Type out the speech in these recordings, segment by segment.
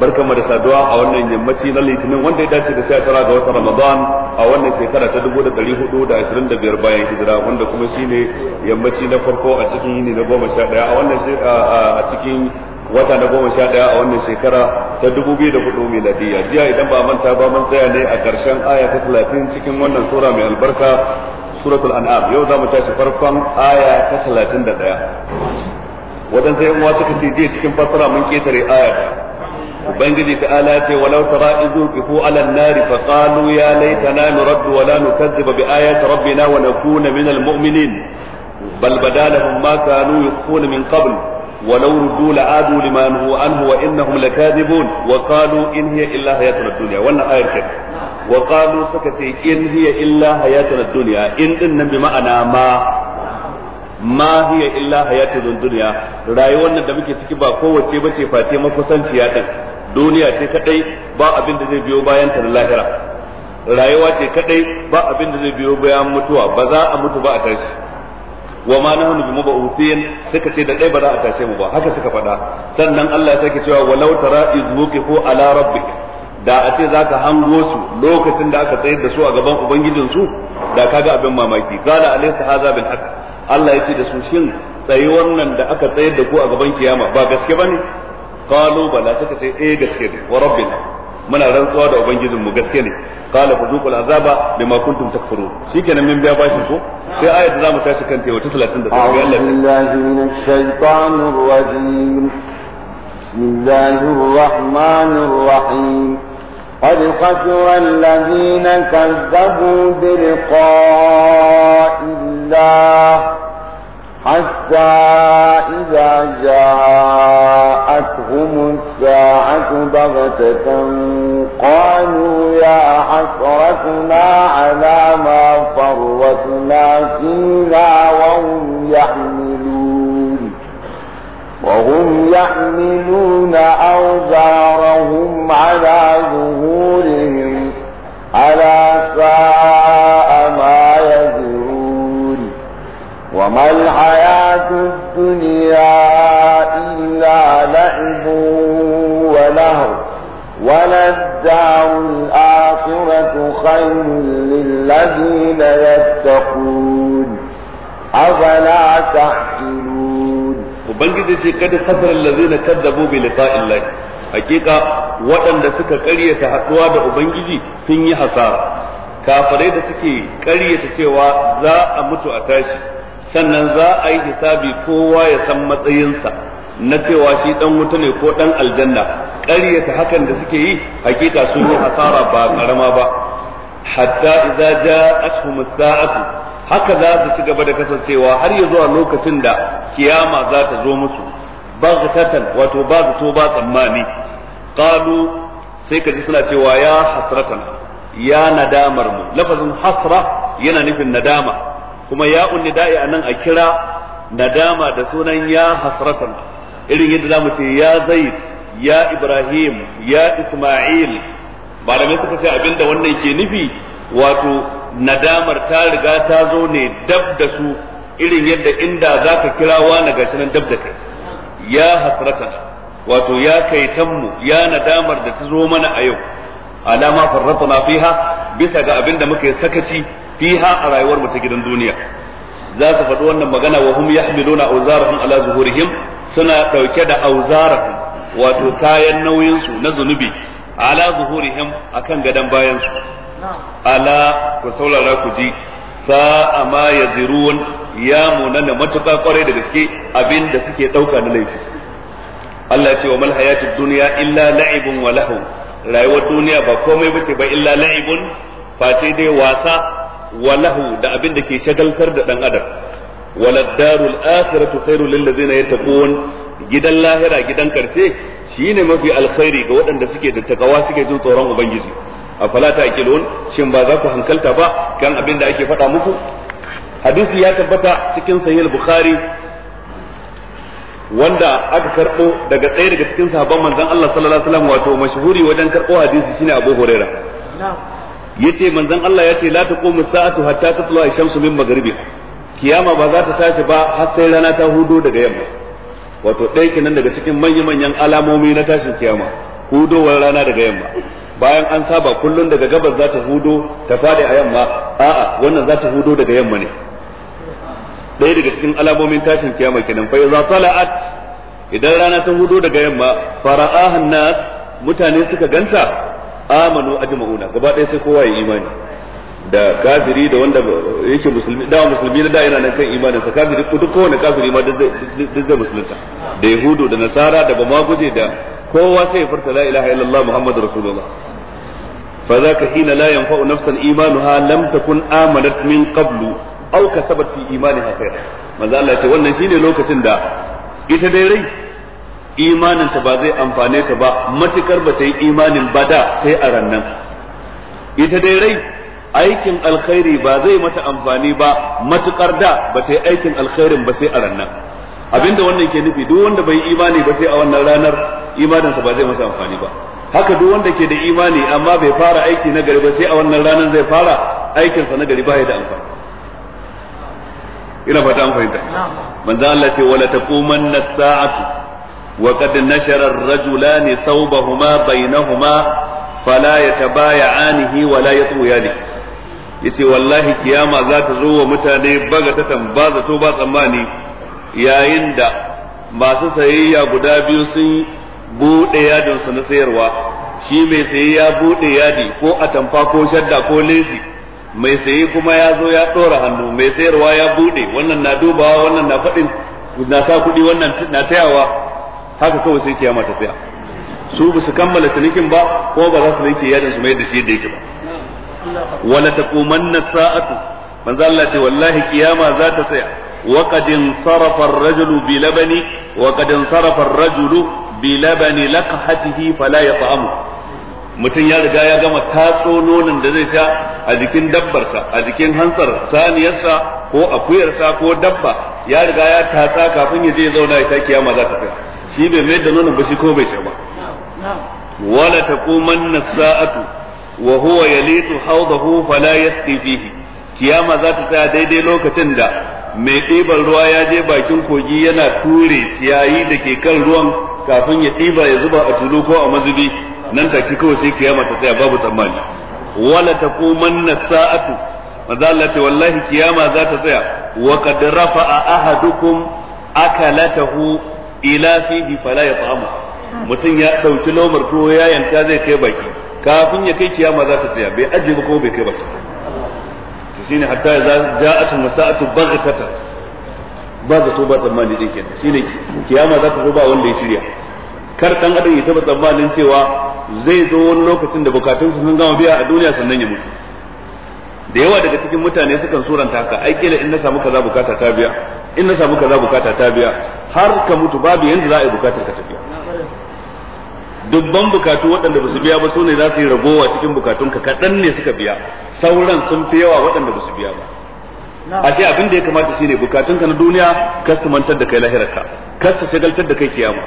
barkamu da saduwa a wannan yammaci na litinin wanda ya dace da sha tara ga watan ramadan a wannan shekara ta dubu da ɗari hudu da ashirin da biyar bayan hijira wanda kuma shine yammaci na farko a cikin yini na goma sha ɗaya a wannan a cikin wata na goma sha ɗaya a wannan shekara ta dubu biyu da hudu miladiyya jiya idan ba manta ba mun tsaya ne a ƙarshen aya ta talatin cikin wannan sura mai albarka suratul an'am yau za mu tashi farkon aya ta talatin da ɗaya waɗansu yan uwa suka ce jiya cikin fassara mun ketare aya ubangiji ta ala ce walau tara izu kifu ala nari fa qalu ya laitana nuraddu wa la nukazziba bi ayati rabbina wa nakuna min al mu'minin bal badalahum ma kanu yukhfuna min qabl ولو ردوا لعادوا لما نهوا عنه وانهم لكاذبون وقالوا ان هي الا حياتنا الدنيا وانا ايه وقالوا سكتي ان هي الا حياتنا الدنيا ان ان بمعنى ما ma hiya illa hayatu rayuwar nan da muke ciki ba kowace bace face mafusanciya din duniya ce kadai ba abin da zai biyo bayan ta lahira rayuwa ce kadai ba abin da zai biyo bayan mutuwa ba za a mutu ba a tashi wa ma nahnu bi mab'uthin suka ce da dai ba za a tashe mu ba haka suka faɗa sannan Allah ya sake cewa walau tara iz ko ala rabbika da a ce zaka hango su lokacin da aka tsayar da su a gaban ubangijin su da kaga abin mamaki qala alaysa hadha bil haqq Allah ya ce da su shin tsayuwar nan da aka tsayar da ku a gaban kiyama ba gaske bane kalu bala suka ce eh gaske ne wa rabbina muna rantsuwa da ubangijin mu gaske ne qala fadhuqul azaba bima kuntum takfurun shikenan min biya bashin ko sai ayat zamu tashi kanta yau ta 37 ya Allah billahi minash shaitanir rajim bismillahir rahmanir rahim قد خسر الذين كذبوا بلقاء الله حتى إذا جاءتهم الساعة بغتة قالوا يا حسرتنا على ما فرطنا فينا وهم يحملون وهم يحملون أوزارهم على ظهورهم على ساعة وما الحياة الدنيا إلا لعب ولهو وللدار الآخرة خير للذين يتقون أفلا تحكمون وبنجد شيء قد خسر الذين كذبوا بلقاء الله hakika waɗanda suka ƙaryata haɗuwa da Ubangiji sun yi hasara kafirai da suke ƙaryata cewa za a mutu a tashi sannan za a yi hisabi kowa ya san matsayinsa na cewa shi dan wuta ne ko dan aljanna ƙaryata hakan da suke yi hakika sun yi hasara ba karama ba hatta idza ja'atuhum as-sa'atu haka za su ci gaba da kasancewa har ya zuwa lokacin da kiyama za ta zo musu baghtatan wato ba zato ba tsammani qalu sai kaji suna cewa ya hasratan ya nadamar mu lafazin hasra yana nufin nadama kuma ya unni anan a kira nadama da sunan ya hasratan irin yadda zamu ce ya zaid ya ibrahim ya isma'il malamai suka ce abinda wannan ke nufi wato nadamar ta riga ta zo ne dab da su irin yadda inda zaka kira wani gashi nan dab da kai ya hasratan wato ya kaitanmu ya nadamar da ta zo mana a yau alama farratna fiha bisa ga abinda muka yi sakaci fiha a rayuwar mu ta gidan duniya za su faɗi wannan magana wa hum yahmiluna awzarahum ala zuhurihim suna ɗauke da awzarahum wato kayan nauyin su na zunubi ala zuhurihim akan gadan bayan su ala ku saurara ku ji sa'a ma yazirun ya munana matuƙa kwarai da gaske abin da suke ɗauka na laifi Allah ce wa mal hayatid illa la'ibun wa lahu rayuwar duniya ba komai bace ba illa la'ibun face dai wasa walahu da abin da ke shagaltar da dan adam walad darul akhiratu khairul lil ladzina yattaqun gidan lahira gidan karshe shine mafi alkhairi ga waɗanda suke da takawa suke jin tsoron ubangiji afala ta'qilun shin ba za ku hankalta ba kan abin da ake faɗa maku. hadisi ya tabbata cikin sahih bukhari wanda aka karbo daga ɗaya daga cikin sahabban manzon Allah sallallahu alaihi wasallam wato mashhuri wajen karbo hadisi shine Abu Huraira yace manzon Allah yace la taqumu sa'atu hatta tatlu ash-shamsu min maghribi kiyama ba za ta tashi ba har sai rana ta hudo daga yamma wato ɗaya kenan daga cikin manya-manyan alamomi na tashin kiyama hudowar rana daga yamma bayan an saba kullun daga gabas za ta hudo ta fadi a yamma a'a wannan za ta hudo daga yamma ne ɗaya daga cikin alamomin tashin kiyama kenan fa idza tala'at idan rana ta hudo daga yamma fara'ahan nas mutane suka ganta amanu ajma'una gaba ɗaya sai kowa ya imani da kafiri da wanda yake musulmi da musulmi da yana nan kan imanin sa kafiri ko duk kowane kafiri ma duk zai musulunta da yahudu da nasara da ma guje da kowa sai ya furta la ilaha illallah muhammadur rasulullah fa zaka hina la yanfa'u nafsan imanuha lam takun amanat min qablu aw kasabat fi imanha khair manzo Allah ya ce wannan shine lokacin da ita dai rai imaninta ba zai amfane ta ba matukar ba ta yi imanin ba da sai a rannan ita dai rai aikin alkhairi ba zai mata amfani ba matukar da ba ta yi aikin alkhairin ba sai a rannan abinda wannan ke nufi duk wanda bai imani ba sai a wannan ranar imaninsa ba zai masa amfani ba haka duk wanda ke da imani amma bai fara aiki na gari ba sai a wannan ranar zai fara aikinsa na gari ba ya da amfani ina fata an fahimta manzo Allah ce wala taqumanna sa'atu وقد نشر الرجلان ثوبهما بينهما فلا يتبايعانه ولا يطويانه yace wallahi kiyama za ta zo wa mutane baga ta tambaza to ba tsammani yayin da masu sayayya guda biyu sun buɗe yadinsu na sayarwa shi mai saye ya buɗe yadi ko atamfa ko shadda ko lesi mai saye kuma ya zo ya ɗora hannu mai sayarwa ya buɗe wannan na dubawa wannan na faɗin na sa kuɗi wannan na tayawa haka kawai sai kiyama ta tsaya su bisu kammala tunikin ba ko ba za su yanke yadin su mai da shi yadda yake ba wala taqumanna sa'atu manzo Allah ce wallahi kiyama za ta tsaya wa qad insarafa ar-rajulu bi labani wa qad insarafa ar-rajulu bi labani laqhatihi fala yata'amu mutum ya riga ya gama tatso nonon da zai sha a jikin dabbarsa a jikin hansar saniyarsa ko akuyarsa ko dabba ya riga ya tatsa kafin ya je zauna ya ta kiyama za ta tsaya shi bai mai da nuna ba shi ko bai sha ba wala taquman nasaatu wa huwa yalitu hawdahu fala yasqi fihi kiyama za ta tsaya daidai lokacin da mai ɗiban ruwa ya je bakin kogi yana ture ciyayi da ke kan ruwan kafin ya ɗiba ya zuba a tulu ko a mazubi nan ta ki kawai sai kiyama ta tsaya babu tsammani wala taquman nasa'atu, maza Allah ce wallahi kiyama za ta tsaya wa qad rafa'a ahadukum akalatahu ila fihi fala yat'amu mutum ya dauki lomar tuwo ya yanta zai kai baki kafin ya kai kiyama za ta tsaya bai ajiye ba kuma bai kai baki shine hatta ya ja'atu masa'atu baghtatan ba zato ba tsammani din kenan shine kiyama za ta zo ba wanda ya shirya kar dan adam ya taba tsammanin cewa zai zo wani lokacin da bukatun su sun gama biya a duniya sannan ya mutu da yawa daga cikin mutane sukan suranta haka ai kila in na samu kaza bukata ta biya in na samu kaza bukata ta biya har ka mutu babu yanzu za a yi bukatar ka tafiya dubban bukatu waɗanda ba su biya ba sune za su yi ragowa cikin bukatun ka kaɗan ne suka biya sauran sun fi yawa waɗanda ba su biya ba ashe abin da ya kamata ne bukatun ka na duniya kar su mantar da kai lahirarka kar su shagaltar da kai kiyama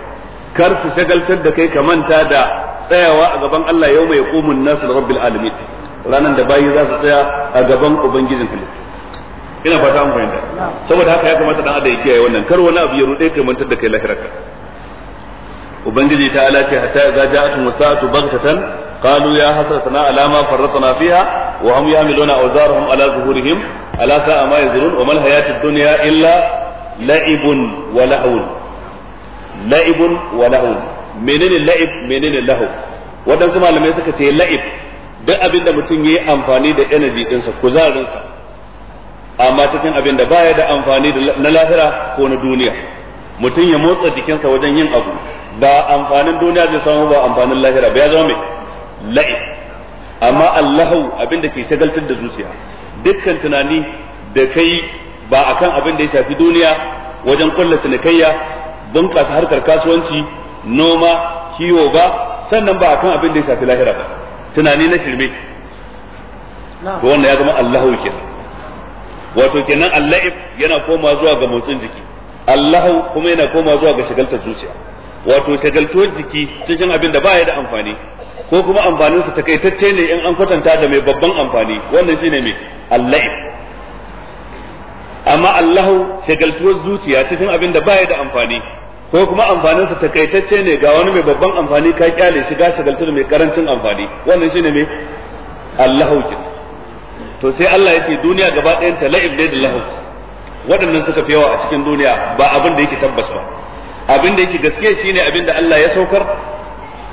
kar su shagaltar da kai ka manta da tsayawa a gaban Allah yau mai yaqumun nasu rabbil alamin ranar da bayi za su tsaya a gaban ubangijin halittu ina fata mu fahimta saboda haka ya kamata dan adam ya kiyaye wannan kar wani abu ya rude kai mantar da kai lahirarka ubangiji ta ala ce hatta idza ja'atun wasa'atu baghtatan qalu ya hasratana ala ma farratna fiha wa hum yahmiluna awzarahum ala zuhurihim ala sa'a ma yazurun wa mal hayatud dunya illa la'ibun wa lahun la'ibun wa lahun menene la'ib menene lahu wadansu malamai suka ce la'ib duk abinda mutum yayi amfani da energy dinsa kuzarinsa amma cikin abin da baya da amfani na lahira ko na duniya mutum ya motsa jikinsa wajen yin abu ba amfanin duniya zai samu ba amfanin lahira ba ya zama mai la'i amma allahu abin da ke shagaltar da zuciya dukkan tunani da kai ba akan abin da ya shafi duniya wajen kulla cinikayya bunƙasa harkar kasuwanci noma kiwo ba sannan ba akan abin da ya shafi lahira ba tunani na shirme to wannan ya zama allahu kenan wato kenan allaib yana koma zuwa ga motsin jiki allahu kuma yana koma zuwa ga shagaltar zuciya wato shagaltuwar jiki cikin abin da baya da amfani ko kuma amfanin su takaitacce ne in an kwatanta da mai babban amfani wannan shine mai allaib amma allahu shagaltuwar zuciya cikin abin da baya da amfani ko kuma amfanin su takaitacce ne ga wani mai babban amfani ka kyale shiga ga shagaltar mai karancin amfani wannan shine mai allahu kenan to sai Allah ya ce duniya gaba ɗayan ta la'ib ne da lahu waɗannan suka fi yawa a cikin duniya ba abin da yake tabbas ba abin da yake gaskiya shine abin da Allah ya saukar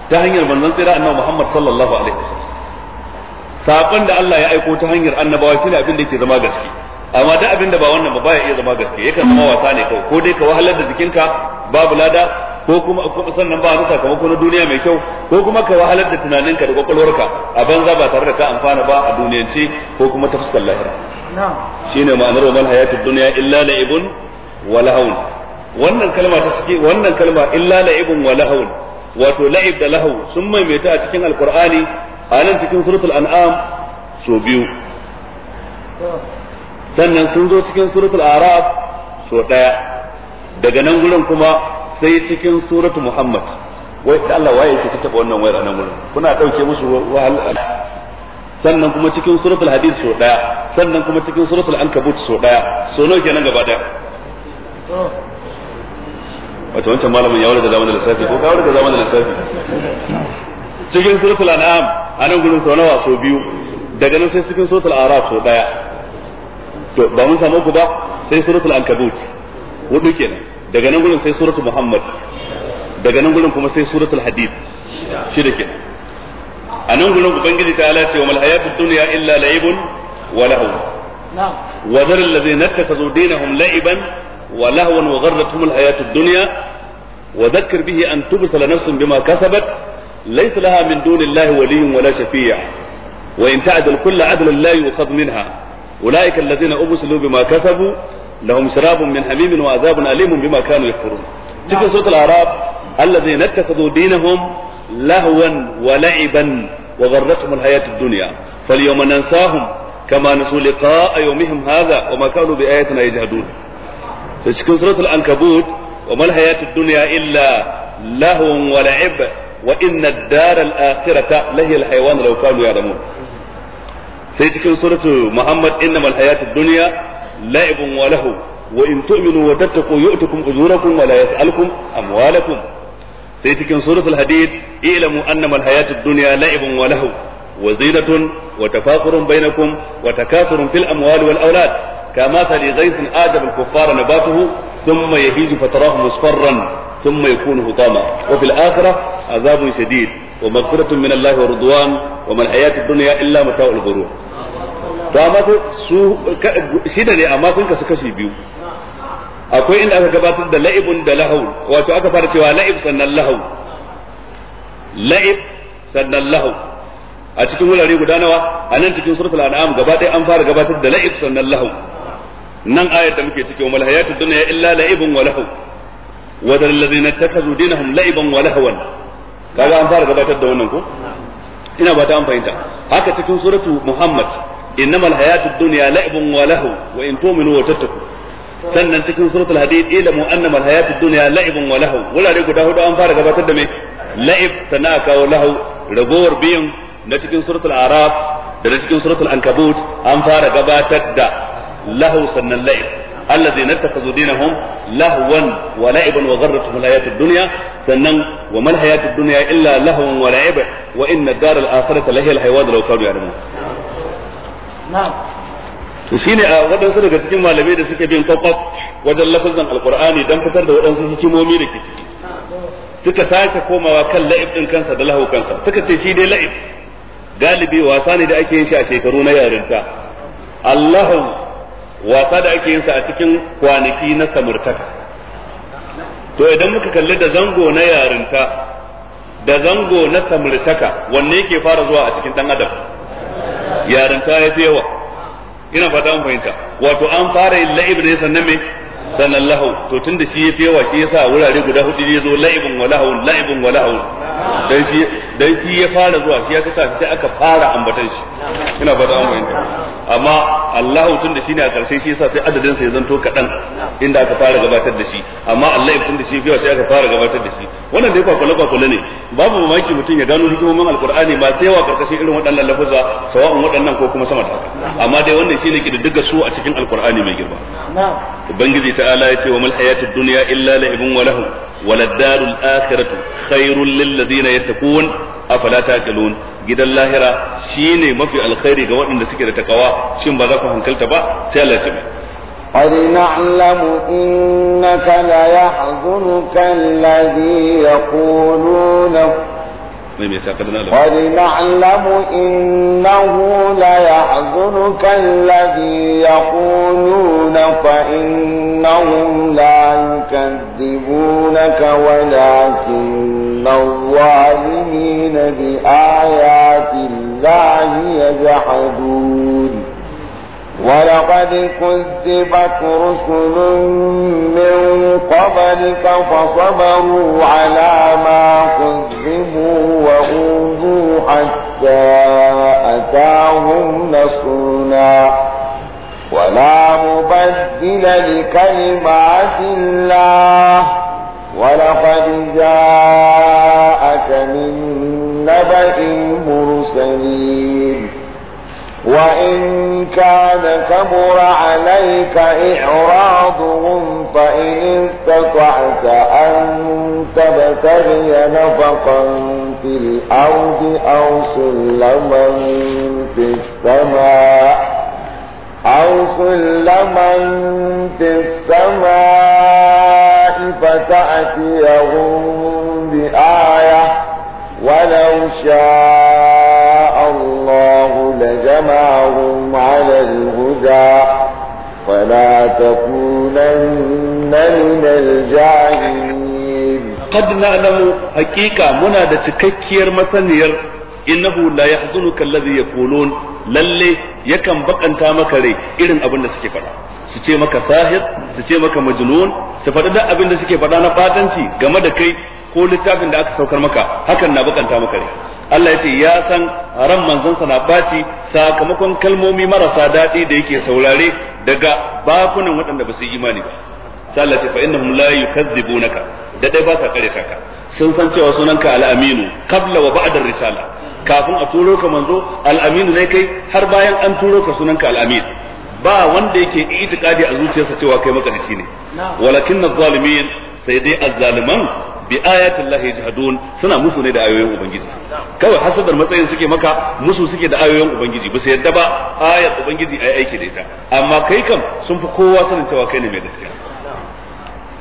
ta hanyar manzon tsira annabi Muhammad sallallahu alaihi wasallam sakon da Allah ya aiko ta hanyar annabawa shine abin da yake zama gaske amma da abin da ba wannan ba baya iya zama gaske yakan zama wasa ne kawai ko dai ka wahalar da jikinka babu lada ko kuma sannan ba wani sakamako na duniya mai kyau ko kuma ka wahalar da tunaninka da kwakwalwarka a banza ba tare da ka amfana ba a duniyance ko kuma ta fuskar lahira shine ma'anar wal hayatud dunya illa la'ibun wa lahawun wannan kalma ta suke wannan kalma illa la'ibun wa lahawun wato la'ib da lahawu sun maimaita a cikin alqur'ani a nan cikin suratul an'am so biyu sannan sun zo cikin suratul araf so daya daga nan gurin kuma sai cikin suratu Muhammad wai da Allah waye yake tattaba wannan wayar nan gurin kuna dauke musu wahal sannan kuma cikin suratul hadid so daya sannan kuma cikin suratul ankabut so daya so nawa kenan gaba daya wato wancan malamin ya da zamanin lissafi ko ka da zamanin lissafi cikin suratul an'am anan gurin so nawa so biyu daga nan sai cikin suratul araf so daya to ba mun samu ku ba sai suratul ankabut hudu kenan daga nan gurin sai suratu muhammad daga nan gurin kuma sai suratul hadid shi da ke a nan gurin ubangiji ta ala ce wa mal dunya illa la'ibun wa lahu wa dhar alladhina ittakhadhu dinahum la'iban wa lahwan wa gharratuhum al dunya wa dhakkir bihi an tubsala nafsun bima kasabat laysa laha min dunillahi waliyyun wala shafi'a wa in ta'dil kullu 'adlin la yu'khadh minha ulaika alladhina ubsilu bima kasabu لهم شراب من حميم وعذاب أليم بما كانوا يكفرون تكون سورة الأعراب الذين اتخذوا دينهم لهوا ولعبا وغرتهم الحياة الدنيا فاليوم ننساهم كما نسوا لقاء يومهم هذا وما كانوا بآياتنا يجهدون تكون سورة العنكبوت وما الحياة الدنيا إلا لهو ولعب وإن الدار الآخرة لهي الحيوان لو كانوا يعلمون سيتكلم سورة محمد إنما الحياة الدنيا la'ibun wa lahu wa in tu'minu wa tattaqu yu'tikum ujurakum wa la yas'alukum amwalakum sai cikin suratul hadid ilamu annama alhayatud dunya la'ibun wa lahu wa zinatun wa tafaqurun bainakum wa takasurun fil amwali wal awlad kama sali ghaythin adaba al-kuffara nabatuhu thumma yahiju fatarahu musfarran ثم يكون هطاما وفي الآخرة عذاب شديد ومغفرة من الله ورضوان وما الحياة الدنيا إلا متاع الغرور to amma su shida ne amma sun kasu kashi biyu akwai inda aka gabatar da la'ibun da lahau wato aka fara cewa la'ib sannan lahau la'ib sannan lahau a cikin wurare guda nawa a nan cikin surfil an'am gaba ɗaya an fara gabatar da la'ib sannan lahau nan ayar da muke ciki wa mal hayatud dunya illa la'ibun wa lahau wa dal ladina takazu dinahum la'iban wa lahawan kaga an fara gabatar da wannan ko ina ba ta an fahimta haka cikin suratu muhammad innamal hayatud dunya la'ibun wa lahu wa in tu'minu wa tattaqu sannan cikin suratul hadid ilamu annamal hayatud dunya la'ibun wa lahu wurare guda hudu an fara gabatar da me la'ib sana kawo lahu ragowar biyun na cikin suratul araf da na cikin suratul ankabut an fara gabatar da lahu sannan la'ib الذين اتخذوا دينهم لهوا ولعبا وغرتهم الحياة الدنيا سنن وما الحياة الدنيا إلا لهوا ولعبا وإن الدار الآخرة لهي الحيوان لو كانوا يعلمون to shine a waɗansu daga cikin malamai da suke bin kwakwaf wajen lafazin alkur'ani don fitar da waɗansu hikimomi da ke ciki suka sake komawa kan la'ib din kansa da lahau kansa suka ce shi dai la'ib galibi wasa ne da ake yin shi a shekaru na yarinta allahu wasa da ake yin sa a cikin kwanaki na samartaka to idan muka kalli da zango na yarinta da zango na samartaka wanne yake fara zuwa a cikin dan adam yaranta ya fi yawa ina fata an fahimta wato an fara yin la'ib ne sannan me sannan lahau to tunda shi ya fi yawa shi yasa wurare guda hudu ya zo la'ibun wa lahawun la'ibun wa lahawun dan shi dan shi ya fara zuwa shi ya kasa sai aka fara ambatan shi ina ba da amma amma Allahu tunda shine a karshe shi yasa sai adadin sa ya zanto kadan inda aka fara gabatar da shi amma Allah tunda shi ya yawa sai aka fara gabatar da shi wannan dai kwakwale kwakwale ne babu mamaki mutum ya gano hikimomin alqur'ani ba sai wa karkashin irin waɗannan lafuza sawa'un waɗannan ko kuma sama da haka amma dai wannan shine ke da duka su a cikin alqur'ani mai girma ubangiji ta تعالى وما الحياة الدنيا إلا لعب وله وللدار الآخرة خير للذين يتقون أفلا تاكلون جدا اللاهرة شيني ما في الخير جواب إن سكرة تقوى شين بذاكم كل تبع سيلا سمع قد نعلم إنك لا يحزنك الذي يقولونه ne mai saka da nan ya azuru kan lafi ya na fa inna hu la yi kan dibu ka wala ke ne bi aya ti la yi ya ولقد كذبت رسل من قبلك فصبروا على ما كذبوا وأوذوا حتى أتاهم نصرنا ولا مبدل لكلمات الله ولقد جاءك من نبأ المرسلين وإن كان كبر عليك إعراضهم فإن استطعت أن تبتغي نفقا في الأرض أو سلما في السماء أو سلما في السماء فتأتيهم بآية ولو شاء لجمعهم على الهدى فلا تكونن من الجاهلين قد نعلم حقيقة منا da cikakkiyar masaniyar innahu la yahzunuka alladhi yaqulun lalle yakan bakanta maka rai irin abin da suke faɗa su ce maka sahir su ce maka majnun su faɗa da abin da suke faɗa na fatanci game da kai ko littafin da aka saukar maka hakan na bukanta maka ne Allah ya ce ya san ran manzansa na baci sakamakon kalmomi marasa daɗi da yake saurare daga bakunan waɗanda ba su yi imani ba sai Allah ce fa innahum la yukazzibunaka da dai ba kare ka sun san cewa sunanka al-aminu qabla wa ba'da risala kafin a turo ka manzo al-aminu ne kai har bayan an turo ka sunanka al-amin ba wanda yake itikadi a zuciyarsa cewa kai makarici ne walakin adh-dhalimin sai dai az-zaliman bi ayatin lahi jihadun suna musu ne da ayoyin ubangiji kawai hasadar matsayin suke maka musu suke da ayoyin ubangiji ba su yadda ba ayat ubangiji ai aiki da ita amma kai kam sun fi kowa sanin cewa kai ne mai gaskiya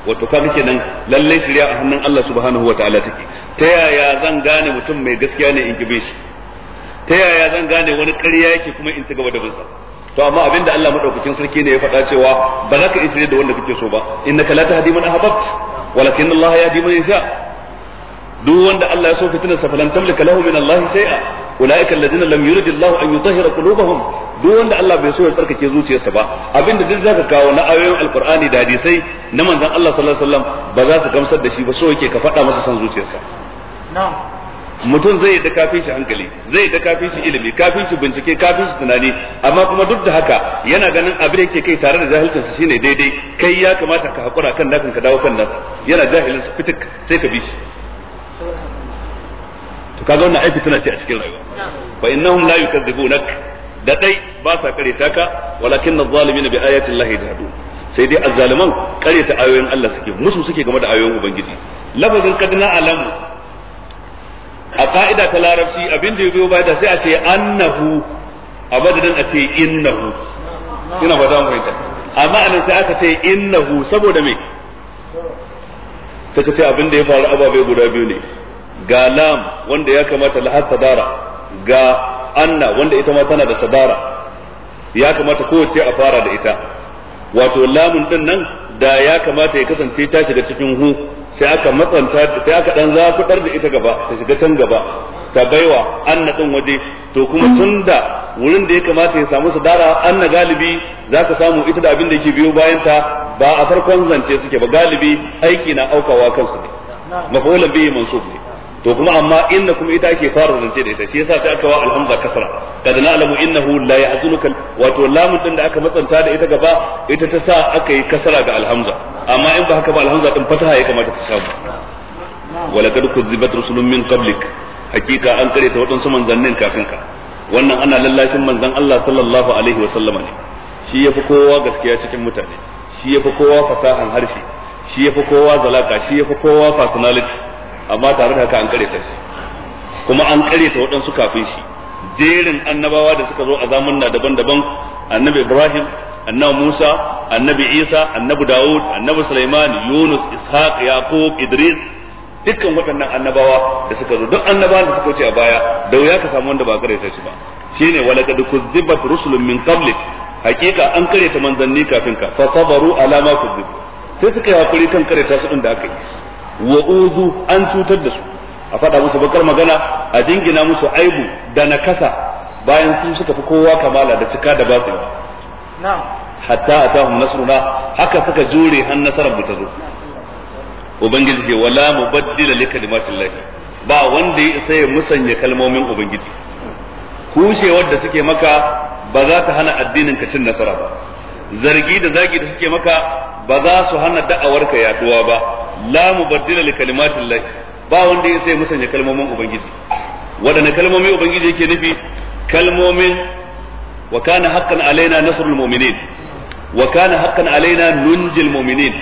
wato kaga kenan lalle shirya a hannun Allah subhanahu wataala take ta yaya zan gane mutum mai gaskiya ne in gibe shi ta yaya zan gane wani ƙarya yake kuma in ci gaba da binsa to amma abinda Allah madaukakin sarki ne ya faɗa cewa ba za ka isre da wanda kake so ba innaka la tahdi man ahbabta walakin Allah ya man yasha duk wanda Allah ya so fitinar sa falan tamlika lahu min a shay'a ulaika alladhina lam yurid Allah an yutahhira qulubahum duk wanda Allah bai so ya tsarkake zuciyarsa ba abinda duk zaka kawo na ayoyin alkur'ani da hadisai na manzon Allah sallallahu alaihi wasallam ba za su gamsar da shi ba so yake ka faɗa masa son zuciyarsa na'am mutum zai da kafin shi hankali zai da kafin shi ilimi kafin shi bincike kafin shi tunani amma kuma duk da haka yana ganin abin da yake kai tare da jahilcinsa shine daidai kai ya kamata ka hakura kan nakan ka dawo kan nan yana jahilin fitik sai ka bi shi to kaga wannan aiki tana ce a cikin rayuwa fa innahum la yukadzibunak da dai ba sa kare taka walakin adh-dhalimin bi ayati llahi jahdun sai dai azzaliman kare ta ayoyin Allah suke musu suke game da ayoyin ubangiji lafazin kadna alamu a ka'ida ta larabci abin da ya zo bayan da sai a ce annahu a madadin a ce innahu ina ba za mu fahimta amma anan sai aka ce innahu saboda me take ce abin da ya faru ababe guda biyu ne ga lam wanda ya kamata lahar sadara ga anna wanda ita ma tana da sadara ya kamata kowace a fara da ita wato lamun din nan da ya kamata ya kasance ta shiga cikin hu sai aka matsanta sai aka dan zafudar da ita gaba ta shiga can gaba ta baiwa anna din waje to kuma hmm. tunda wurin da ya kamata ya samu sadara anna galibi zaka samu ita da abin da yake biyo bayan ta ba a farkon zance suke ba galibi aiki na aukawa kansu ne mafulan bihi mansub ne to kuma amma inna kuma ita ake fara zance da ita shi yasa sai aka wa alhamza kasra kada na alamu innahu la yahzunuka wato lamun din da aka matsanta da ita gaba ita ta sa aka yi kasra ga alhamza amma in ba haka ba alhamza din fataha ya kamata ta samu walaqad kuzibat rusulun min qablik hakika an kare ta wadansu manzannin kafin ka wannan ana lallashin manzan Allah sallallahu alaihi wa sallama ne shi yafi kowa gaskiya cikin mutane shi yafi kowa fasahan harshe shi yafi kowa zalaka shi yafi kowa personality amma tare da haka an kare shi kuma an kare ta waɗansu kafin shi jerin annabawa da suka zo a zamanna daban-daban annabi Ibrahim annabi Musa annabi Isa annabi Dawud annabi Sulaiman Yunus Ishaq Yaqub Idris dukkan waɗannan annabawa da suka zo duk annabawan da suka ce a baya da wuya ka samu wanda ba kare shi ba shine walaqad kuzzibat rusulun min qablik hakika an kare ta manzanni kafin ka fa sabaru ala ma kuzzib sai suka yi hakuri kan kare ta su din da aka yi wa uzu an cutar da su a faɗa musu bakar magana a dingina musu aibu da nakasa bayan su suka fi kowa kamala da cika da batsi na'am hatta tahun nasruna haka suka jure har nasarar mu ta zo ubangiji ke wala mubaddila li kalimatillahi ba wanda ya isa ya musanya kalmomin ubangiji Kushe wadda suke maka ba za ta hana addinin ka cin nasara ba zargi da zagi da suke maka ba za su hana da'awarka yaduwa ba la mubaddila li kalimatillah ba wanda ya sai musanya kalmomin ubangiji wadanne kalmomin ubangiji yake nufi kalmomin wa kana haqqan alaina nasrul mu'minin wa kana haqqan alaina nunjil mu'minin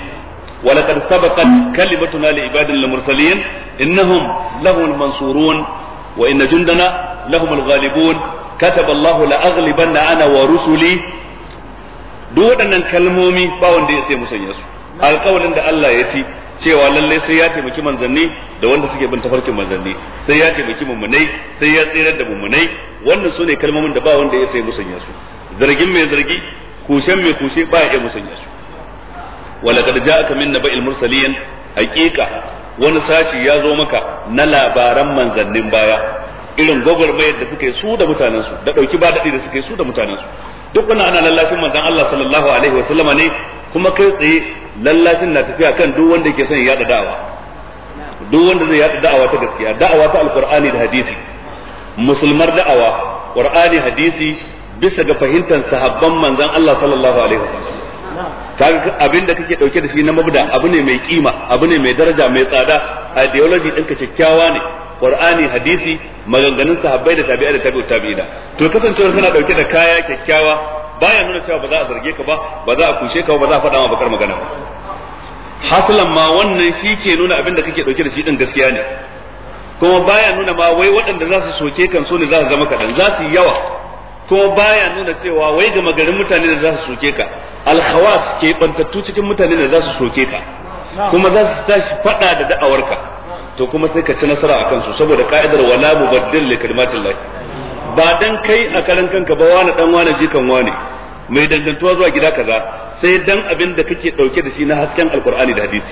wa laqad sabaqat kalimatuna li ibadil mursalin innahum lahumul mansurun wa inna jundana lahumul ghalibun duk waɗannan kalmomi ba wanda ya sai musanya su alƙawarin da Allah ya ci cewa lalle sai ya taimaki manzanni da wanda suke bin tafarkin manzanni sai ya taimaki mummunai sai ya tsirar da mummunai wannan su ne kalmomin da ba wanda ya sai musanya su zargin mai zargi kushen mai kushe ba ya iya musanya su walaqad ja'aka min naba'il mursalin haqiqa wani sashi ya zo maka na labaran manzannin baya irin gwagwarmayar da suke su da mutanensu da ɗauki ba daɗi da suke su da mutanensu duk wannan ana lallashin manzon Allah sallallahu alaihi wa sallama ne kuma kai tsaye lallashin na tafiya kan duk wanda yake son ya yada da'awa duk wanda zai yada da'awa ta gaskiya da'awa ta alqur'ani da hadisi musulmar da'awa qur'ani hadisi bisa ga fahimtar sahabban manzon Allah sallallahu alaihi wa sallam kaga abin da kake dauke da shi na mabda abu ne mai kima abu ne mai daraja mai tsada ideology ɗinka kyakkyawa ne qur'ani hadisi maganganun sahabbai da tabi'a da tabi'u tabi'ina to kasancewar suna dauke da kaya kyakkyawa baya nuna cewa ba za a zarge ka ba ba za a kushe ka ba za a faɗa ma bakar magana ba hasalan ma wannan shi ke nuna abin da kake dauke da shi din gaskiya ne kuma baya nuna ma wai waɗanda za su soke kan so ne za su zama kaɗan za su yi yawa kuma baya nuna cewa wai ga magarin mutane da za su soke ka alhawas ke bantattu cikin mutane da za su soke ka kuma za su tashi faɗa da da'awarka to kuma sai ka ci nasara a kansu saboda ka'idar wala mubaddil li kalimatillah ba dan kai a karan kanka ba wani dan wani jikan wani mai dangantuwa zuwa gida kaza sai dan abin da kake dauke da shi na hasken alqur'ani da hadisi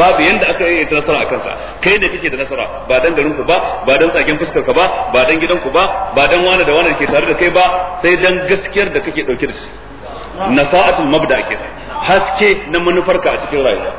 babu yanda aka yi nasara a kansa kai ne kake da nasara ba dan garin ku ba ba dan tsagen fuskar ka ba ba dan gidan ba ba dan wani da wani ke tare da kai ba sai dan gaskiyar da kake dauke da shi nasa'atul mabda kenan haske na manufarka a cikin rayuwa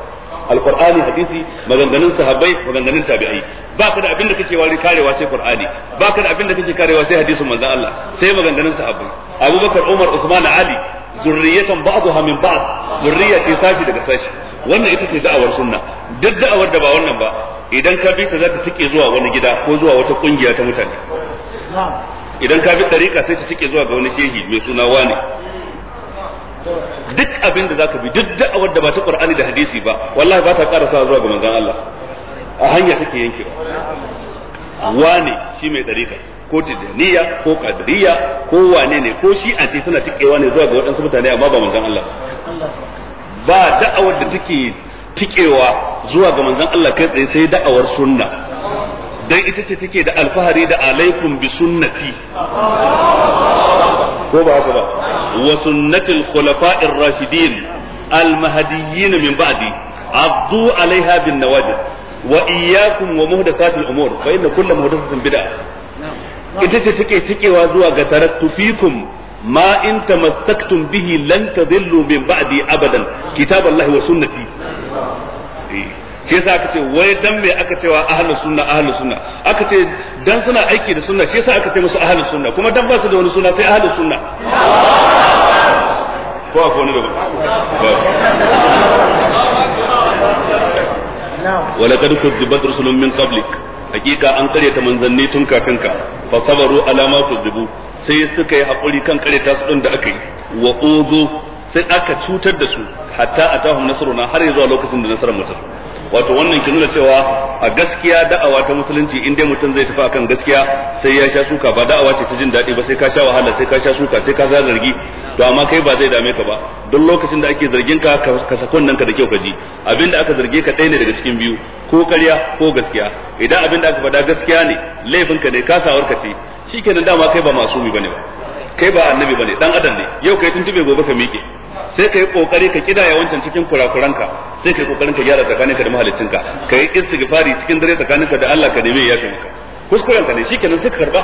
alqur'ani hadisi maganganun sahabbai maganganun tabi'ai baka da abin da kake wari karewa sai qur'ani baka da abin da kake karewa sai hadisin manzon Allah sai maganganun sahabbai abubakar umar usman ali zurriyatan ba'daha min ba'd zurriya ce sashi daga sashi wannan ita ce da'awar sunna duk da'awar da ba wannan ba idan ka bi ta zaka tike zuwa wani gida ko zuwa wata kungiya ta mutane idan ka bi dariƙa sai ta tike zuwa ga wani shehi mai suna wani. duk abin da zaka bi duk da'awar da ba ta Qur'ani da hadisi ba wallahi ba ta karasa zuwa ga manzon Allah a hanya take yankewa wane shi mai dariƙa ko tijaniya ko kadriya ko wane ne ko shi a ce suna tikewa ne zuwa ga waɗansu mutane amma ba manzon Allah ba da'awar da take tikewa zuwa ga manzon Allah kai tsaye sai da'awar sunna dan ita ce take da alfahari da alaikum bi sunnati ko ba haka ba wa sunnatul khulafa'ir rashidin al mahdiyyin min ba'di addu alaiha bin nawajid wa iyyakum wa muhdathatil umur fa inna kull muhdathatin bid'a ita ce take cikewa zuwa ga tarattu fikum ma in tamassaktum bihi lan tadillu min ba'di abadan kitaballahi wa sunnati shi yasa aka ce wai dan me aka cewa ahlus sunna ahlus sunna aka ce dan suna aiki da sunna shi yasa aka ce musu ahlus sunna kuma dan ba su da wani suna sai ahlus sunna ko akwai wani daban ولقد كذبت رسل min قبلك hakika an karyata manzanni tun kafin ka fa sabaru ala ma kuzibu sai suka yi hakuri kan karyata su din da aka yi wa uzu sai aka cutar da su hatta atahum nasruna har yanzu zuwa lokacin da nasarar mutum wato wannan ke nuna cewa a gaskiya da'awa ta musulunci in dai mutum zai tafi akan gaskiya sai ya sha suka ba da'awa ce ta jin daɗi ba sai ka sha wahala sai ka sha suka sai ka sha zargi to amma kai ba zai dame ka ba don lokacin da ake zargin ka ka sakon nan da kyau ka ji abinda aka zarge ka ɗaya ne daga cikin biyu ko ƙarya ko gaskiya idan abinda aka faɗa gaskiya ne laifin ka ne kasawar ka ce shikenan dama kai ba masumi bane ba kai ba annabi bane dan adam ne yau kai tuntube gobe ka miƙe sai kai kokari ka kidaya wancan cikin kurakuranka sai kai kokarin ka gyara tsakaninka da mahaliccinka kai istighfari cikin dare tsakaninka da Allah ka neme ya fi maka kuskuren ka ne shikenan sai ka karba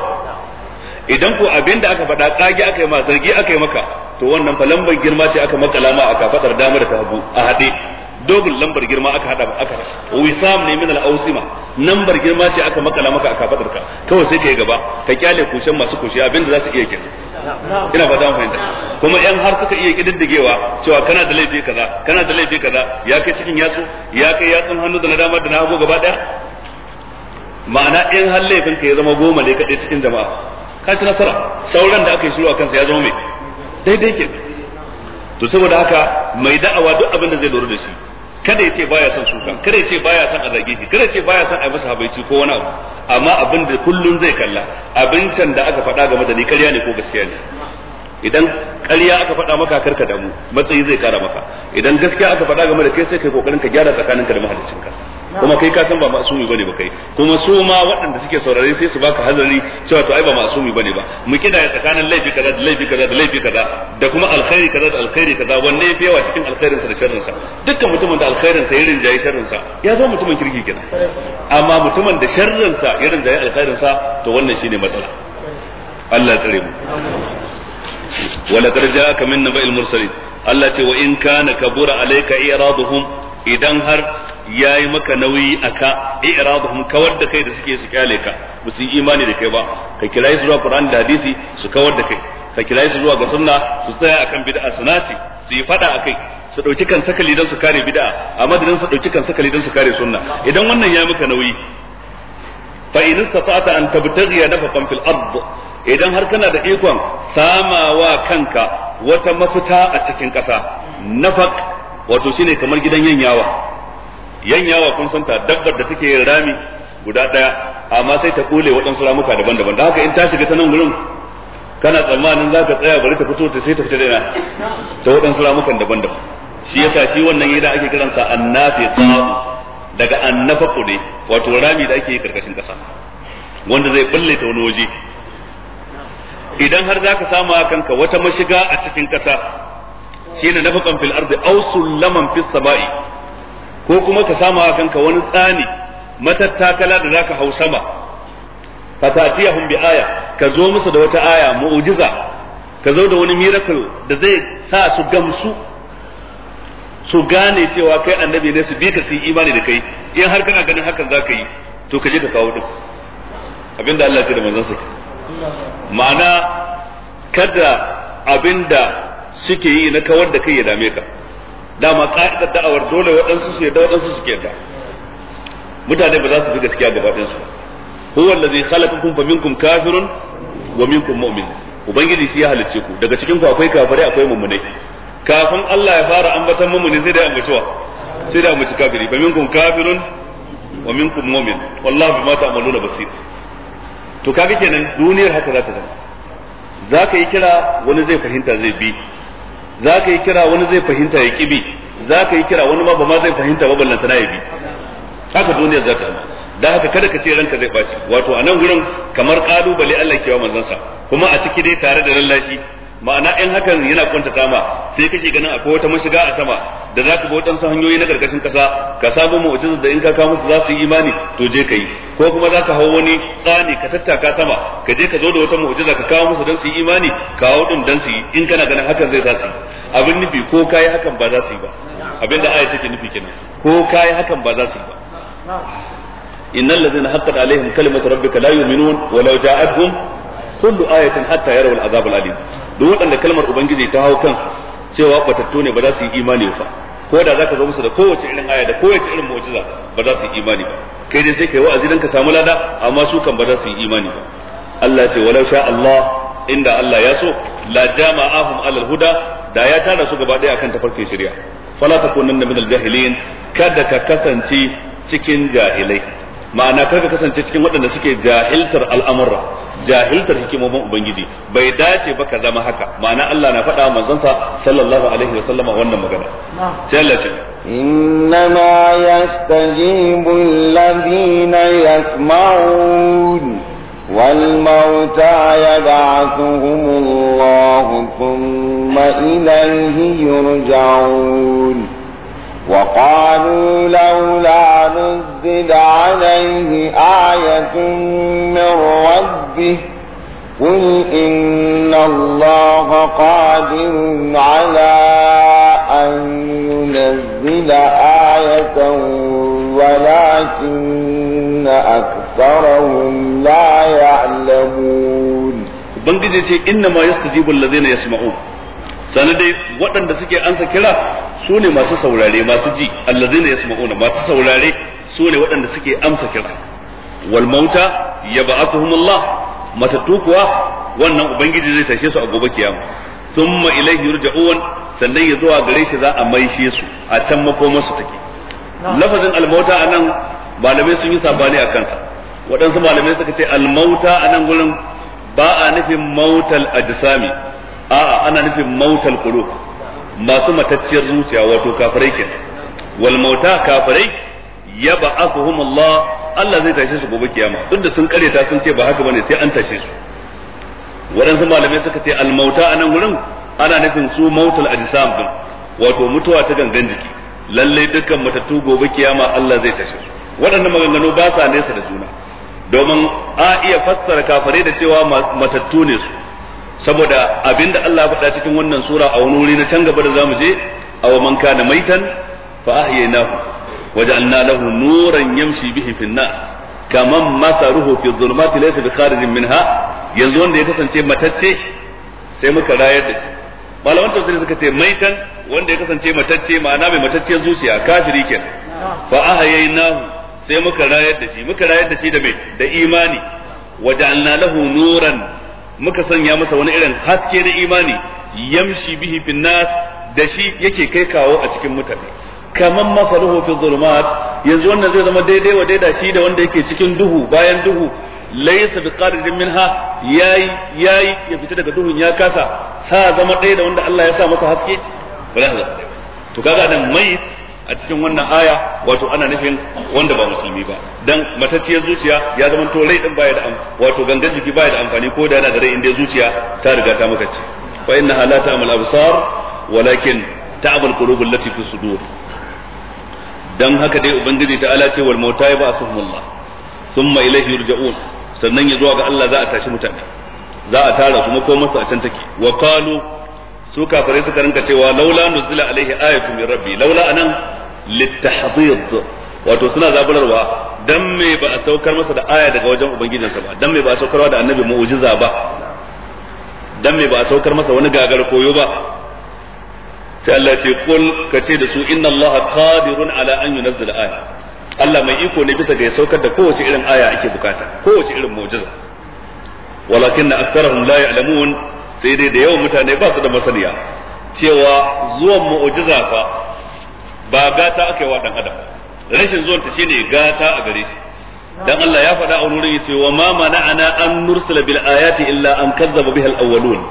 idan ko abin da aka faɗa kage aka yi ma zargi aka yi maka to wannan fa lambar girma ce aka makala ma aka fadar dama da ta hagu a haɗe dogon lambar girma aka hada aka wisam ne min al-ausima lambar girma ce aka makala maka aka fadar ka kawai sai kai gaba ka kyale kushen masu kushi abinda za su iya kin ina fata mun fahimta kuma yan har suka iya kididdigewa cewa kana da laifi kaza kana da laifi kaza ya kai cikin yatsu ya kai yatsun hannu da na dama da na hagu gaba daya ma'ana in har laifin ka ya zama goma ne kadai cikin jama'a ka ci nasara sauran da aka yi shiru a kansa ya zama mai daidai ke to saboda haka mai da'awa duk abin da zai lura da shi kada ya ce baya son suka kada ya ce baya son a zage shi kada ya ce baya son a masa habaici ko wani abu amma abin da kullun zai kalla abincin da aka faɗa game da ni ƙarya ne ko gaskiya ne idan ƙarya aka faɗa maka karka damu matsayi zai kara maka idan gaskiya aka faɗa game da kai sai kai kokarin ka gyara tsakaninka da mahaliccinka kuma kai ka san ba masumi bane ba kai kuma su ma waɗanda suke saurare sai su baka hazari cewa to ai ba masumi bane ba mu kida ya tsakanin laifi kaza da laifi kaza da laifi kaza da kuma alkhairi kaza da alkhairi kaza wanne yafi yawa cikin alkhairin sa da sharrin sa dukkan mutumin da alkhairin sa ya rinjaye sharrin sa ya zo mutumin kirki kenan amma mutumin da sharrin sa ya rinjaye alkhairin sa to wannan shine matsala Allah tsare mu ولقد جاءك من نبأ المرسلين الله تي وإن كان كبر عليك إعراضهم إذا هر ya yi maka nauyi a ka i'raduhum kawar da kai da suke su kyale ka ba su yi imani da kai ba ka kira su zuwa qur'ani da hadisi su kawar da kai ka kira su zuwa ga sunna su tsaya akan bid'a sunati su yi fada akai su dauki kan sakali dan su kare bid'a a madadin su dauki kan sakali dan su kare sunna idan wannan ya maka nauyi fa in istata'ta an tabtaghi nafaqan fil ard idan har kana da ikon samawa kanka wata mafita a cikin ƙasa nafaq wato shine kamar gidan yanyawa yanyawa kun san ta dabbar da take yin rami guda daya amma sai ta kule waɗansu ramuka daban-daban da haka in ta shiga ta nan gurin kana tsammanin za ka tsaya bari ta fito ta sai ta fita daina ta waɗansu ramukan daban-daban shi yasa shi wannan yadda ake kiransa annafi daga annafa kudi wato rami da ake yi karkashin kasa wanda zai bulle ta wani waje idan har zaka samu kanka wata mashiga a cikin kasa shine nafakan fil ardi aw sulaman fis sama'i ko kuma ka samu a kanka wani tsani matattakala da zaka hau sama fatatiyahum bi aya ka zo musu da wata aya mu'jiza ka zo da wani miracle da zai sa su gamsu su gane cewa kai annabi ne su bi ka su imani da kai in har kana ganin hakan zaka yi to ka je ka kawo din abinda Allah ce da manzon sa ma'ana kada abinda suke yi na kawar da kai ya dame ka dama ka'idar da'awar dole waɗansu su yadda waɗansu su yadda mutane ba za su fi gaskiya gaba ɗin su huwa allazi khalaqakum faminkum kafirun wa minkum mu'min ubangiji shi ya halicce ku daga cikin ku akwai kafirai akwai mummunai kafin Allah ya fara ambatan mummuni sai da ya ambaci wa sai da ambaci kafiri faminkum kafirun wa minkum mu'min wallahu bima ta'maluna basir to kaga kenan duniyar haka za ta zama za ka yi kira wani zai fahimta zai bi za ka yi kira wani zai fahimta ya kibi za ka yi kira wani ma ma zai fahimta ba ballanta na yabi haka duniya za ka da haka kada ka ce ranka zai ɓaci wato a nan gurin kamar ƙalubale Allah ke wa manzansa kuma a ciki dai tare da lallashi ma'ana in hakan yana kuntata sama sai kake ganin akwai wata mashiga a sama da za ka ga su hanyoyi na karkashin kasa ka samu mu'jiza da in ka kawo musu za su yi imani to je ka yi ko kuma za ka hau wani tsani ka tattaka sama ka je ka zo da wata mu'jiza ka kawo musu don su yi imani kawo din don su yi in kana ganin hakan zai za su yi abin nufi ko kayi hakan ba za su yi ba abin da aya take nufi kenan ko kayi hakan ba za su yi ba إن الذين حقت عليهم كلمة ربك لا يؤمنون ولو جاءتهم كل آية حتى يروا العذاب الأليم duk waɗanda kalmar ubangiji ta hau kansu cewa batattu ne ba za su yi imani ba ko da zaka zo musu da kowace irin aya da kowace irin mu'jiza ba za su yi imani ba kai dai sai kai wa'azi dan ka samu lada amma su kan ba za su yi imani ba Allah ce walau sha Allah inda Allah ya so la jama'ahum alal huda da ya tara su gaba daya akan tafarkin shari'a fala takunanna minal jahilin kada ka kasance cikin jahilai ma'ana kada ka kasance cikin waɗanda suke jahiltar al'amura jahiltar hikimomin ubangiji bai dace ba ka zama haka ma'ana Allah na faɗa manzonsa sallallahu alaihi wa sallama wannan magana sai Allah ce إنما يستجيب الذين يسمعون والموتى يبعثهم الله ثم إليه يرجعون وقالوا لولا نزل عليه آية من ربه ربه قل إن الله قادر على أن ينزل آية ولكن أكثرهم لا يعلمون بنجد شيء إنما يستجيب الذين يسمعون sanar dai waɗanda suke ansa kira su ne masu saurare masu ji allazina yasma'una masu saurare su ne waɗanda suke amsa kira wal mauta yab'athuhumullah matattu kuwa wannan ubangiji zai tashe su a gobe kiyama thumma ilayhi yurja'un sannan ya zuwa gare shi za a maishe su a can makomar take lafazin al mauta anan malamai sun yi sabani a kansa waɗansu malamai suka ce al mauta anan gurin ba a nufin mautal ajsami a'a ana nufin mautal qulub masu matacciyar zuciya wato kafirai kenan wal kafirai yab'athuhum Allah Allah zai tashe su gobe kiyama duk da sun kareta sun ce ba haka bane sai an tashe su waɗansu malamai suka ce almauta a nan gurin ana nufin su mautul ajsam din wato mutuwa ta gangan jiki lalle dukkan matattu gobe kiyama Allah zai tashe su waɗannan maganganu ba sa nesa da juna domin a iya fassara kafare da cewa matattu ne su saboda abinda Allah faɗa cikin wannan sura a wani wuri na can gaba da zamu je aw man kana maitan fa ahyaynahu waja'alna lahu nuran yamshi bihi fin nas kaman masaruhu fi dhulumati laysa bi minha yanzu wanda ya kasance matacce sai muka rayar da shi malaman tafsiri suka ce maitan wanda ya kasance matacce ma'ana mai matacce zuciya kafiri kenan fa ahyaynahu sai muka rayar da shi muka rayar da shi da mai da imani waja'alna nuran muka sanya masa wani irin haske na imani yamshi bihi fin da shi yake kai kawo a cikin mutane kaman masaluhu fi dhulumat yanzu wannan zai zama daidai wa daida shi da wanda yake cikin duhu bayan duhu laysa bi qadirin minha yayi yayi ya fita daga duhun ya kasa sa zama ɗaya da wanda Allah ya sa masa haske to kaga nan mai a cikin wannan aya wato ana nufin wanda ba musulmi ba dan matacciyar zuciya ya zama to rai din baya da wato gangan jiki baya da amfani ko da yana da rai inda zuciya ta riga ta makace fa inna la ta'mal absar walakin ta'mal qulubul lati fi sudur dan haka dai ubangiji ta ala ce wal mauta ya ba'athuhum Allah thumma ilayhi yurja'un sannan ya zuwa ga Allah za a tashi mutane za a tara su masu a can take wa qalu su kafare suka rinka cewa laula nuzila alaihi ayatun min rabbi laula anan litahdid wato suna zaburarwa dan me ba a saukar masa da aya daga wajen ubangijinsa ba dan me ba a saukarwa da annabi mu'jiza ba dan me ba a saukar masa wani gagar koyo ba sai Allah ce kul ka ce da su inna Allah qadirun ala an yunzil aya Allah mai iko ne bisa ga ya saukar da kowace irin aya ake bukata kowace irin mu'jiza walakin aktharuhum la ya'lamun sai dai da yawan mutane ba su da masaniya cewa zuwan mu'jiza fa ba gata aka yi wa dan adam rashin zuwan ta shine gata a gare shi dan Allah ya faɗa a wurin yace wa ma mana'ana an nursila bil ayati illa an kazzaba biha al awwalun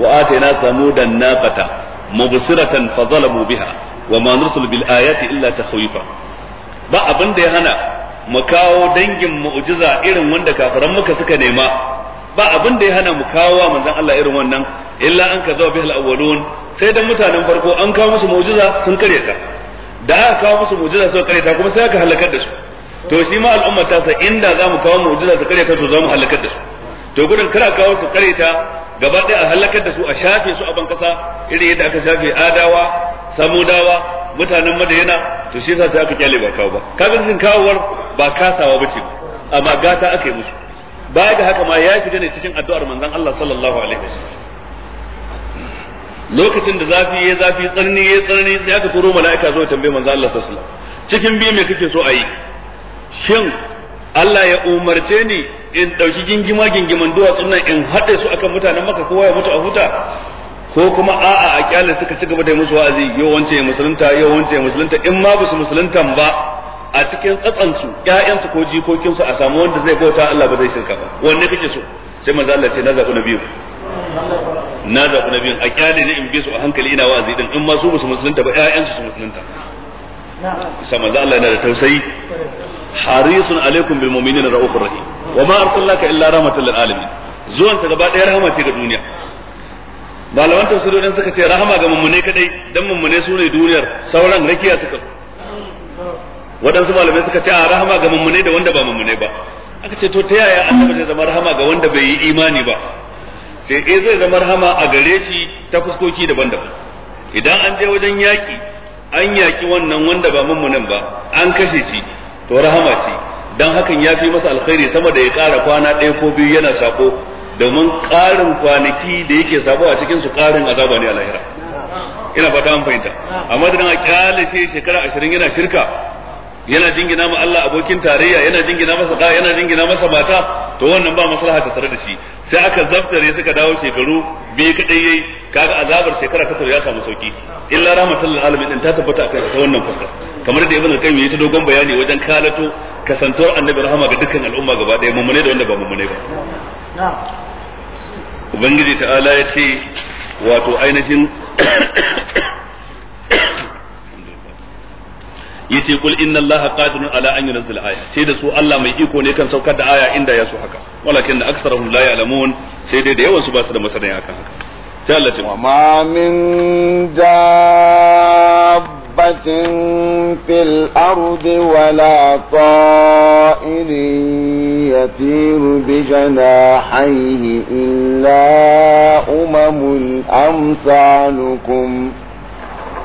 wa atayna samudan naqata mubsiratan fa zalamu biha wa ma nursul bil ayati illa takhwifa ba abin da ya hana mu kawo dangin mu'jiza irin wanda kafiran muka suka nema ba abin da ya hana mu kawo wa manzon Allah irin wannan illa an ka zawa bihal awwalun sai dan mutanen farko an kawo musu mu'jiza sun kare ta da aka kawo musu mu'jiza sun kare ta kuma sai aka halakar da su to shi ma al'umma ta sa inda mu kawo mu'jiza su kare ta to zamu halakar da su to gudun kar a kawo su kare ta gaba ɗaya a halakar da su a shafe su a ban kasa irin yadda aka shafe adawa samudawa mutanen madayana to shi yasa sai aka kyale ba kawo ba kaga sun kawowar ba kasawa ba ce amma gata aka yi musu baya ga haka ma ya fi ne cikin addu'ar manzon Allah sallallahu alaihi wasallam lokacin da zafi ya zafi tsarni ya tsarni sai aka turo mala'ika zo tambaye manzon Allah sallallahu alaihi wasallam cikin biyu me kake so a yi shin Allah ya umarce ni in ɗauki gingima gingiman duwatsun nan in haɗe su akan mutanen maka kowa ya mutu a huta ko kuma a'a a kyale suka ci gaba da musu wa'azi yau wance ya musulunta yau wance ya musulunta in ma ba su musuluntan ba a cikin tsatsansu ƴaƴansu ko jikokinsu a samu wanda zai bauta Allah ba zai shirka ba wanne kake so sai manzo Allah ce na zaɓi na biyu na zaɓi na biyu a kyale ne in bi su a hankali ina wa'azi din in ma su ba su musulunta ba ƴaƴansu su musulunta sai manzo Allah yana da tausayi harisun alaikum bil mu'minina raufur rahim wa ma arsalnaka illa rahmatan lil alamin zuwan ta gaba daya rahama ce ga duniya malaman tafsirin suka ce rahama ga mummune kadai dan mummune su ne duniyar sauran rakiya suka waɗansu malamai suka ce a rahama ga mummune da wanda ba mummune ba aka ce to ta yaya annabi zai zama rahama ga wanda bai yi imani ba sai eh zai zama rahama a gare shi ta fuskoki daban-daban idan an je wajen yaƙi an yaƙi wannan wanda ba mummunan ba an kashe shi to rahama ce dan hakan ya fi masa alkhairi sama da ya ƙara kwana ɗaya ko biyu yana sako domin ƙarin kwanaki da yake sako a cikin su ƙarin azaba ne a lahira ina fata an fahimta amma da a kyalace shekara ashirin yana shirka yana jingina ma Allah abokin tarayya yana jingina masa da yana jingina masa mata to wannan ba maslaha ta tare da shi sai aka zaftare suka dawo shekaru biyu kadai yayi kaga azabar shekara ta ya samu sauki illa rahmatul alamin in ta tabbata akan ta wannan fuskar kamar da ibn al-qayyim ya ta dogon bayani wajen kalato kasantuwar annabi rahama ga dukkan al'umma gaba daya mummune da wanda ba mummune ba ubangiji ta'ala ya ce wato ainihin yace kul inna allaha qadirun ala an yunzil aya sai da su Allah mai iko ne kan saukar da aya inda ya so haka walakin da aksarahum la ya'lamun sai dai da yawan su ba su da masaniya akan haka sai Allah ce wa ma min da في الأرض ولا طائر يطير بجناحيه إلا أمم أمثالكم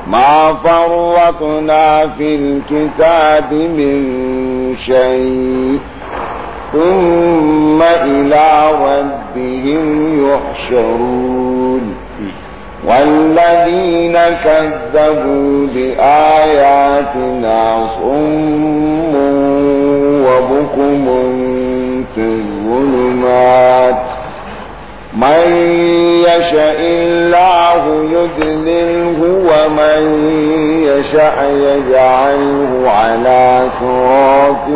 ما فرطنا في الكتاب من شيء ثم إلى ربهم يحشرون والذين كذبوا بآياتنا صم وبكم في الظلمات من يشاء الله يذلله ومن يشاء يجعله على صراط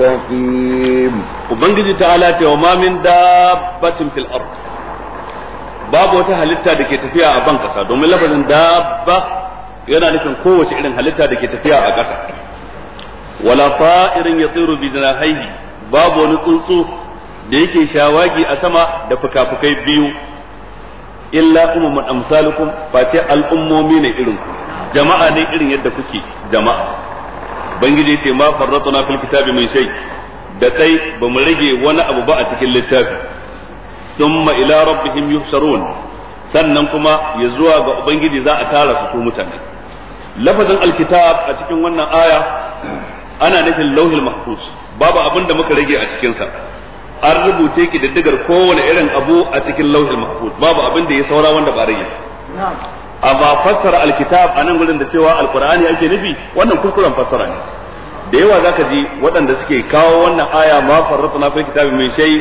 مستقيم وبنجد تعالى وما من دابة في الأرض babu wata halitta da ke tafiya a ban kasa domin lafazin dabba yana nufin kowace irin halitta da ke tafiya a ƙasa wala fa'irin ya tsiru bi haihi, babu wani tsuntsu da yake shawagi a sama da fuka-fukai biyu illa kuma mu amsalukum fati al'ummomi ne irin ku jama'a ne irin yadda kuke jama'a bangiji ce ma farratuna fil kitabi mai shay da kai bamu rage wani abu ba a cikin littafi thumma ila rabbihim yuhsharun sannan kuma ya zuwa ga ubangiji za a tara su su mutane lafazin alkitab a cikin wannan aya ana nufin lauhil mahfuz babu abin da muka rage a cikin sa an rubuce ki diddigar kowane irin abu a cikin lauhil mahfuz babu abin da ya saura wanda ba rage amma fassara alkitab a nan gurin da cewa alqur'ani ake nufi wannan kuskuren fassara ne da yawa zaka ji waɗanda suke kawo wannan aya ma farratna fil kitabi min shay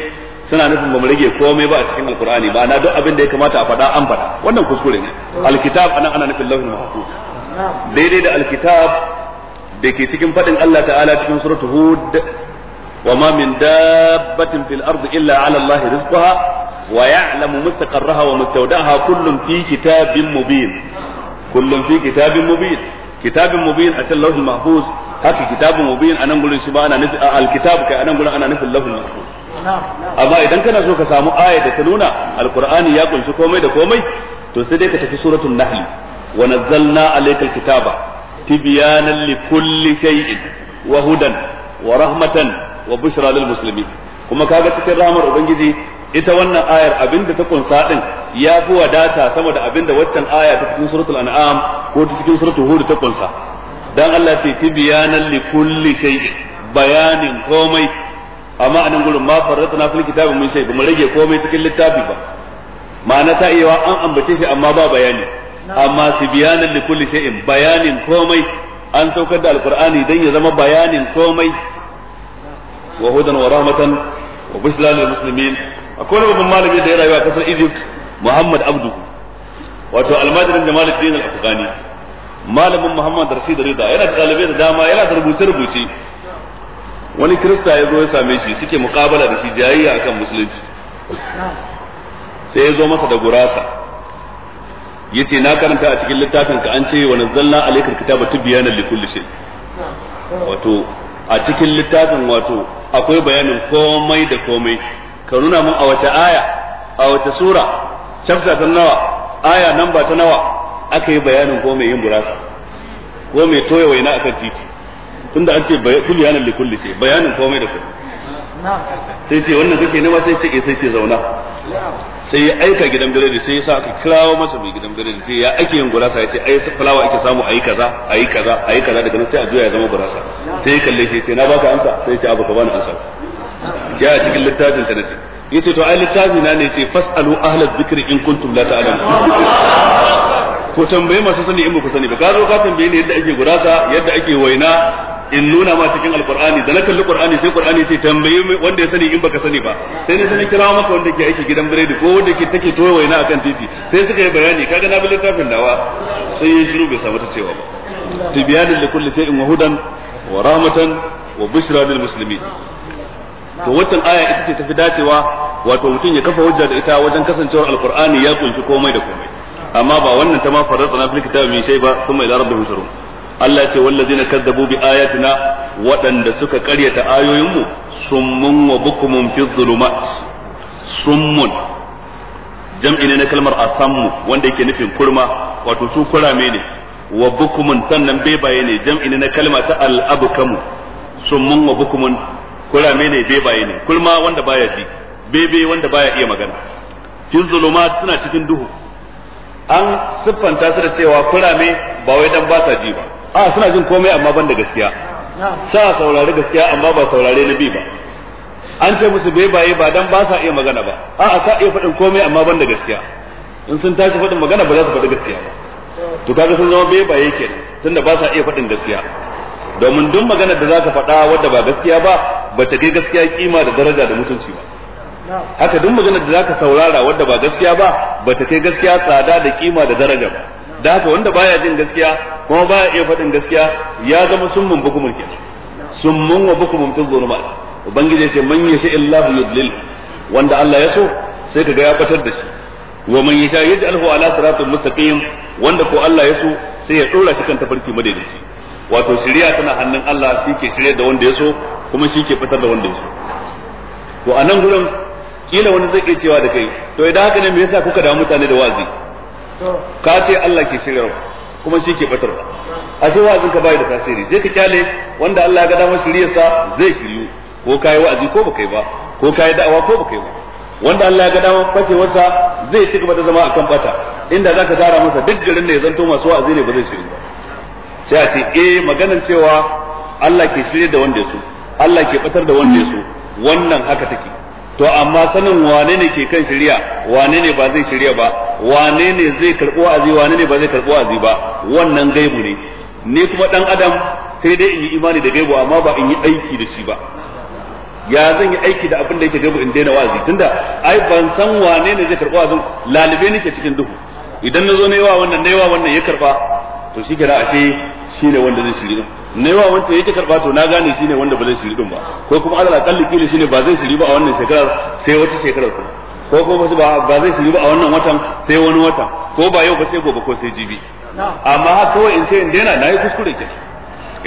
suna nufin ba mu rage komai ba a cikin alkur'ani ba na duk abin da ya kamata a faɗa an faɗa wannan kuskure ne alkitab anan ana nufin lauhin mahfuz daidai da alkitab da ke cikin faɗin Allah ta'ala cikin suratu hud wa ma min dabbatin fil ardi illa 'ala Allah rizquha wa ya'lamu mustaqarraha wa mustawda'aha kullun fi kitabin mubin kullun fi kitabin mubin kitabin mubin a can lauhin mahfuz haka kitabun mubin anan gurin shi ba ana nufi al-kitab kai anan gurin ana nufin lauhin mahfuz amma idan kana so ka samu aya da ta nuna alkur'ani ya kunshi komai da komai to sai dai ka tafi suratul nahl wa nazzalna alaykal kitaba tibyanan likulli shay'in wa hudan wa rahmatan wa bushra lil muslimin kuma kaga cikin rahmar ubangiji ita wannan ayar abinda ta kunsa din ya fi wadata sama da abinda waccan aya ta cikin suratul an'am ko ta cikin suratul hud ta kunsa dan Allah ce tibyanan likulli shay'in bayanin komai amma anan gurin ma farratna fil kitabi mun sai bamu rage komai cikin littafi ba ma'ana ta iya an ambace shi amma ba bayani amma tibyanan li kulli shay'in bayanin komai an saukar da alqur'ani dan ya zama bayanin komai wa hudan wa rahmatan wa bushra lil muslimin akwai wani babban malami da ya a kasar Egypt Muhammad Abdu wato almajirin Jamal al-Din al-Afghani malamin Muhammad Rashid Rida yana da dalibai da dama yana da rubuce-rubuce wani krista ya zo ya same shi suke mukabala da shi jayayya akan musulunci sai ya zo masa da gurasa yace na karanta a cikin littafin ka an ce wa nazzalna alaikal kitaba li kulli shay wato a cikin littafin wato akwai bayanin komai da komai ka nuna mun a wace aya a wace sura chapter ta nawa aya namba ta nawa aka yi bayanin ko mai yin gurasa ko mai toya waina akan titi tunda an ce bayanan li kulli shay bayanin komai da komai sai ce wannan kake nema sai ce eh, sai ce zauna sai ya aika gidan biredi sai ya sa aka kirawo masa mai gidan biredi sai ya ake yin gurasa ya ce ai fulawa ake samu ayi kaza ayi kaza ayi kaza daga nan sai a juya ya zama gurasa sai ya kalle shi ce na baka amsa sai ya ce abu ka bani amsa ya a cikin littafin ta nace ce to ai littafi na ne ce fasalu ahlaz zikri in kuntum la ta'lamun ko tambaye masu sani in ba ku sani ba ka zo ka tambaye ni yadda ake gurasa yadda ake waina in nuna ma cikin alqur'ani da na kalli qur'ani sai qur'ani sai tambaye wanda ya sani in baka sani ba sai na sani kirawo maka wanda ke aiki gidan biredi ko wanda ke take toye waina akan titi sai suka yi bayani kaga na bi littafin dawa sai ya shiru bai samu ta cewa ba tibyanin li kulli shay'in wa hudan wa rahmatan wa bushra lil muslimin to wannan aya ita ce tafi dacewa wato mutum ya kafa hujja da ita wajen kasancewar alkurani ya kunshi komai da komai amma ba wannan ta ma farar na fil kitabi min shay ba kuma ila rabbihim Allah ce wallazina kazzabu bi ayatina waɗanda suka ƙaryata ayoyinmu summun wa bukumun fi dhulumat summun jam'i ne na kalmar asammu wanda yake nufin kurma wato su kurame ne wa bukumun sannan bebaye ne jam'i ne na kalma ta al'abukamu summun wa bukumun kurame ne bebaye ne kurma wanda baya ji bebe wanda baya iya magana fi dhulumat suna cikin duhu an siffanta su da cewa kurame ba wai dan ba sa ji ba a suna jin komai amma ban da gaskiya sa saurari gaskiya amma ba saurare na bi ba an ce musu bai baye ba dan ba sa iya magana ba a a sa iya faɗin komai amma ban da gaskiya in sun tashi faɗin magana ba za su faɗi gaskiya ba to kaga sun zama bai baye kenan tunda ba sa iya faɗin gaskiya domin duk magana da zaka faɗa wadda ba gaskiya ba ba ta kai gaskiya kima da daraja da mutunci ba haka duk magana da zaka saurara wadda ba gaskiya ba ba ta kai gaskiya tsada da kima da daraja ba da haka wanda baya jin gaskiya kuma baya iya faɗin gaskiya ya zama summun bukumun sun mun wa bukumun tun zuluma ubangiji sai man illa illahu yudlil wanda Allah ya so sai ga ya batar da shi wa man yasha yaj'alhu ala siratin mustaqim wanda ko Allah ya so sai ya dora shi kan tafarki madaidaici wato shari'a tana hannun Allah shi ke shirye da wanda ya so kuma shi ke fitar da wanda ya so to a nan gurin kila wani zai iya cewa da kai to idan haka ne me yasa kuka da mutane da wazi ka ce Allah ke wa kuma shi ke batarwa a shi wa'azin ka bai da tasiri sai ka kyale wanda Allah ya ga damar shiryarsa zai shiryu ko yi wa'azi ko baka yi ba ko yi da'awa ko baka yi ba wanda Allah ya ga damar fashewarsa zai ci gaba da zama akan bata inda zaka tara masa duk garin da ya zanto masu wa'azi ne ba zai shiryu ba sai a ce eh maganar cewa Allah ke shirya da wanda ya so Allah ke batar da wanda ya so wannan haka take to amma sanin wane ne ke kan shari'a wane ne ba zai shari'a ba wane ne zai karɓo azi wane ne ba zai karɓo azi ba wannan gaibu ne ni kuma dan adam sai dai in yi imani da gaibu amma ba in yi aiki da shi ba ya zan yi aiki da abin da yake gaibu in daina wa'azi tunda ai ban san wane ne zai karɓo azin lalibe nake cikin duhu idan na zo na wa wannan na wa wannan ya karɓa to shi kira ashe shi ne wanda zai shirya. ne wa wanda yake karba to na gane shine wanda ba zai shiri din ba ko kuma alal akalli kila shine ba zai shiri ba a wannan shekarar sai wata shekarar ko ko kuma ba ba zai shiri ba a wannan watan sai wani watan ko ba yau ba sai gobe ko sai jibi amma haka kawai in ce in daina nayi kuskure ke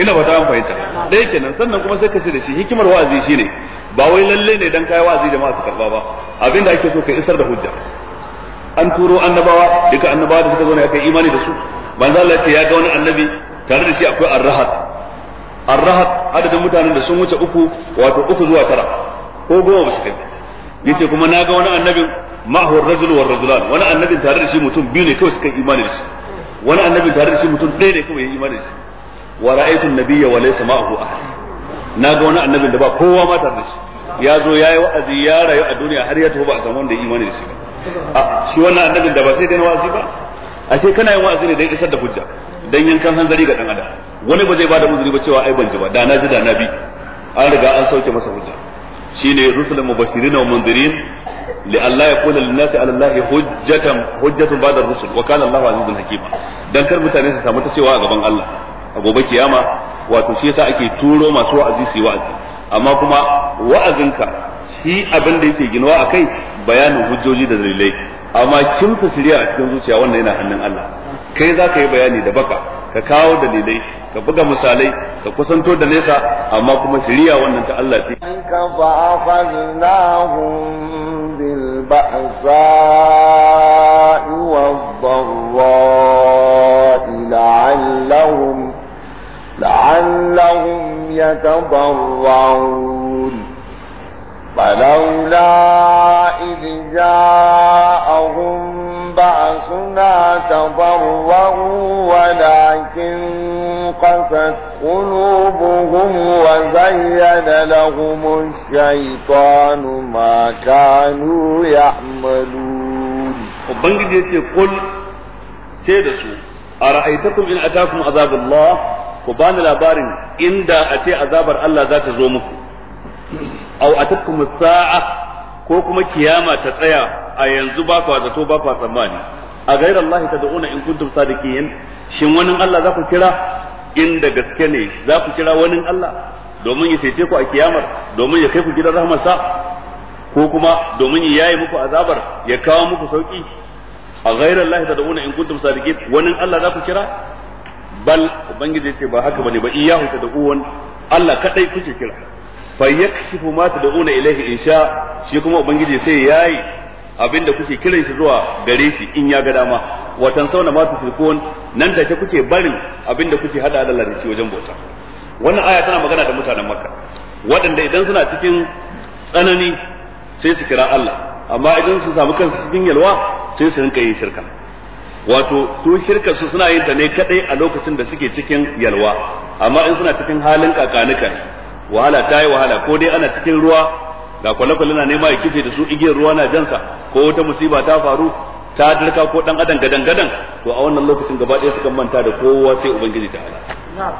ina ba ta an fahimta dai kenan sannan kuma sai ka ce da shi hikimar wa'azi shine ba wai lalle ne dan kai wa'azi jama'a su karba ba abinda ake so ka isar da hujja an turo annabawa duka annabawa da suka zo ne aka imani da su manzo Allah ya ce ya ga wani annabi tare da shi akwai arrahat arrahaq adadin mutanen da sun wuce uku wato uku zuwa tara ko goma ba su kai yace kuma naga wani annabi ma'ahu ar-rajul war rajulan wani annabin tare da shi mutum biyu ne kawai su suka imani da shi wani annabin tare da shi mutum ɗaya ne kawai ya imani da shi wa ra'aytu an-nabiyya wa laysa ma'ahu ahad naga wani annabin da ba kowa ma tare da shi ya zo yayi wa'azi ya rayu a duniya har ya tafi ba a samu wanda ya imani da shi ba shi wannan annabin da ba sai dai na wa'azi ba ashe kana yin wa'azi ne dan isar da hujja dan yankan hanzari ga dan adam wani ba zai bada uzuri ba cewa ai ban ji ba da na ji da na bi an riga an sauke masa hujja shine rusulun mubashirin wa mundirin li alla yakuna lin nasi ala allahi hujjatan hujjatun ba'da rusul wa kana allahu azizun hakima dan kar mutane su samu ta cewa a gaban Allah a gobe kiyama wato shi yasa ake turo masu wa'azi su wa'azi amma kuma wa'azinka shi abin da yake ginuwa akai bayanin hujjoji da dalilai amma kimsa shirya a cikin zuciya wannan yana hannun Allah kai za ka yi bayani da baka ka kawo dalilai ka buga misalai ka kusanto da nesa amma kuma shiriya wannan ta Allah ce an ka fa akhadnahum bil ba'sa'i wad-dharra'i la'allahum la'allahum yatadarrun فلولا إذ جاءهم بعثنا تضرعوا ولكن قست قلوبهم وزين لهم الشيطان ما كانوا يعملون وبنجد يتي قل سيدسو أرأيتكم إن أتاكم عذاب الله وبان الأبار إن دا أتي عذاب الله ذات زومكم أو أتتكم الساعة ko kuma kiyama ta tsaya a yanzu ba ku zato ba ku tsammani a gairar Allah ta da'una in kuntum sadiqin shin wani Allah za ku kira in da gaske ne za ku kira wani Allah domin ya cece ku a kiyamar domin ya kai ku gidan rahmarsa ko kuma domin ya yi muku azabar ya kawo muku sauki a gairar Allah ta da'una in kuntum sadiqin wani Allah za ku kira bal ubangiji ce ba haka bane ba iyahu ta da'uwan Allah kadai kuke kira fa yakshifu ma tad'una ilaihi insha shi kuma ubangiji sai yayi abinda kuke kiran shi zuwa gare shi in ya ga dama watan sauna ma tusrifun nan ke kuke barin abinda kuke hada Allah da shi wajen bauta wannan aya tana magana da mutanen Makka waɗanda idan suna cikin tsanani sai su kira Allah amma idan su samu kansu cikin yalwa sai su rinka yin shirka wato su shirka su suna yin ta ne kadai a lokacin da suke cikin yalwa amma in suna cikin halin kakanuka wahala ta yi wahala ko dai ana cikin ruwa ga kwale-kwale na nema ya kife da su igiyar ruwa na jansa ko wata musiba ta faru ta dirka ko dan adam gadan gadan to a wannan lokacin gaba ɗaya suka manta da kowa sai ubangiji ta ala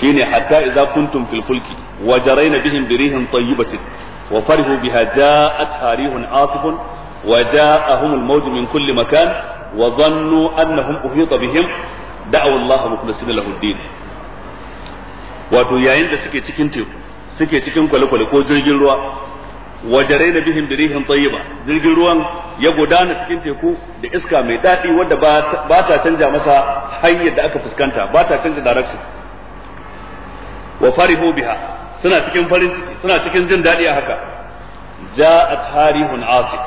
shine hatta idza kuntum fil fulki wa jarayna bihim bi rihin tayyibatin wa farihu biha ja'at harihun asifun wa ja'ahum al mawj min kulli makan wa dhannu annahum uhita bihim da'u Allah mukhlisina lahu ad-din wato yayin da suke cikin teku suke cikin kwale-kwale ko jirgin ruwa wajare na bihim da rihin tsayiba jirgin ruwan ya gudana cikin teku da iska mai daɗi wadda ba ta canja masa hanyar da aka fuskanta ba ta canja direction wa farihu biha suna cikin farin ciki suna cikin jin daɗi a haka ja'at harihun asif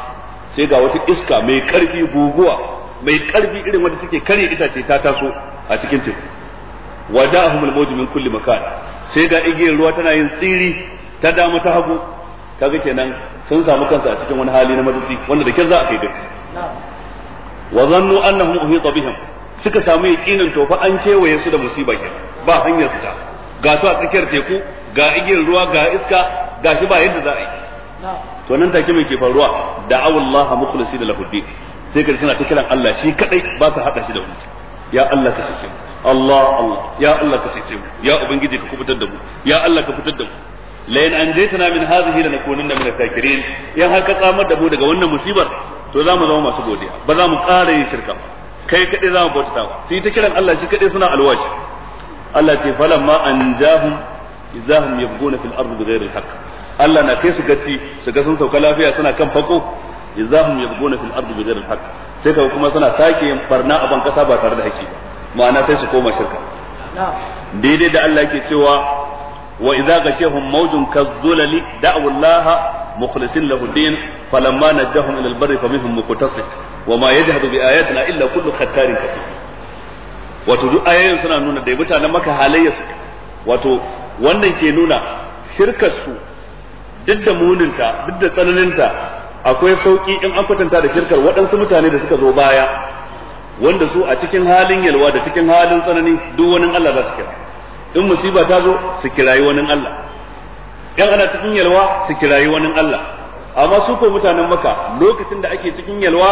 sai ga wata iska mai karfi guguwa mai karfi irin wanda take kare itace ta taso a cikin teku waja'ahum al-mawj min kulli makan sai ga igiyar ruwa tana yin tsiri ta dama ta hagu kaga kenan sun samu kansa a cikin wani hali na matsatsi wanda da kyar za a kai duk wa zannu annahum uhita bihim suka samu yaqinin to fa an kewaye su da musiba ke ba hanyar fita ga su a tsakiyar teku ga igiyar ruwa ga iska ga shi ba yadda za a yi to nan take mai ke faruwa da'awullaha mukhlisi da lahuddin sai ka suna ta kiran Allah shi kadai ba ka hada shi da wani ya Allah ka cece Allah Allah ya Allah ka cece mu ya ubangiji ka kubutar da mu ya Allah ka fitar da mu la in anjaytana min hadhihi lanakunanna min as-sakirin yan haka tsamar da mu daga wannan musibar to za mu zama masu godiya ba za mu ƙara yin shirka kai kaɗai za mu bauta ba sai ta kiran Allah shi kaɗai suna alwashi Allah ce falamma anjahum izahum yabghuna fil ardi bighayri al-haqq Allah na kai su gaci su ga sun sauka lafiya suna kan fako izahum yabghuna fil ardi bighayri al-haqq sai ka kuma suna sake yin barna a ban kasa ba tare da haƙi ba ma'ana sai su koma shirka daidai da Allah ke cewa wa idza ghashiyahum mawjun kazzulali da'u Allah mukhlisin lahu din falamma najahum ila al-barri faminhum muqtasid wa ma yajhadu bi ayatina illa kullu khattarin kafir wato duk ayoyin suna nuna da mutanen maka halayya su wato wannan ke nuna shirkar su duk da muninta duk da tsananinta akwai sauki in an kwatanta da shirkar waɗansu mutane da suka zo baya wanda su a cikin halin yalwa da cikin halin tsanani duk wani Allah za su kira in musiba ta zo su kirayi wani Allah In ana cikin yalwa su kirayi wani Allah amma su ko mutanen maka lokacin da ake cikin yalwa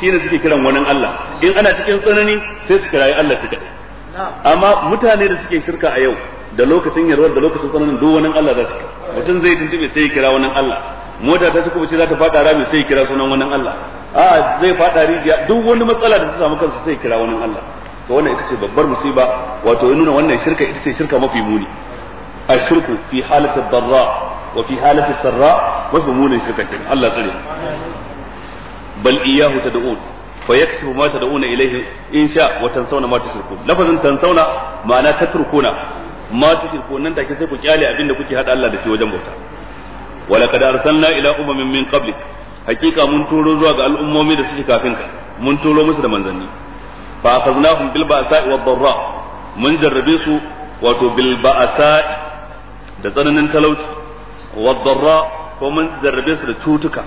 shi ne suke kiran wani Allah in ana cikin tsanani sai su kirayi Allah su kaɗai. amma mutane da suke shirka a yau da lokacin yalwa da lokacin tsananin duk wani Allah za su kira mutum zai tuntube sai ya kira wani Allah mota ta suka ce za ta fada rami sai kira sunan wannan Allah a zai fada rijiya duk wani matsala da ta samu kansa sai kira wannan Allah to wannan ita ce babbar musiba wato ya nuna wannan shirka ita ce shirka mafi muni A shirku fi halata darra wa fi halata sarra mafi munin shirka kin Allah tsare bal iyyahu tad'un fa yakshifu ma tad'un ilayhi in sha wa tansawna ma tushrikun lafazin tansawna ma'ana tatrukuna ma tushrikun nan take sai ku kyale abinda kuke hada Allah da shi wajen bauta ولقد أرسلنا إلى أمم من قبلك حقيقة من تورو زوا ga al'ummomi da suke kafin ka mun turo musu da manzanni fa akhadnahum bil ba'sa wad darra mun jarrabe su wato bil ba'sa da tsananin talauci wad darra ko mun jarrabe su da cutuka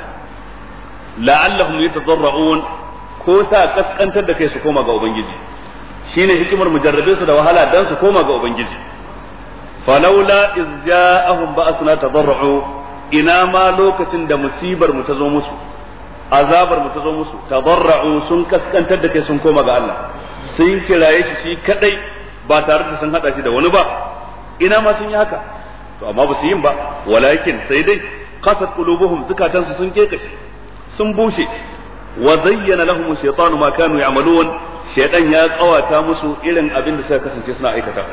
la'allahum yatadarra'un ko sa kaskantar da kai su koma ga ubangiji shine hikimar mu jarrabe su da wahala dan su koma ga ubangiji fa falawla iz ja'ahum ba'suna tadarra'u ina ma lokacin da musibar mu ta zo musu azabar mu ta zo musu tabarra'u sun kaskantar da kai sun koma ga Allah sun kiraye shi shi kadai ba tare da sun hada shi da wani ba ina ma sun yi haka to amma ba su yin ba walakin sai dai qasat qulubuhum zukatansu sun kekace sun bushe wa zayyana lahum shaytanu ma kanu ya'malun shaytan ya kawata musu irin abin da suka kasance suna aikata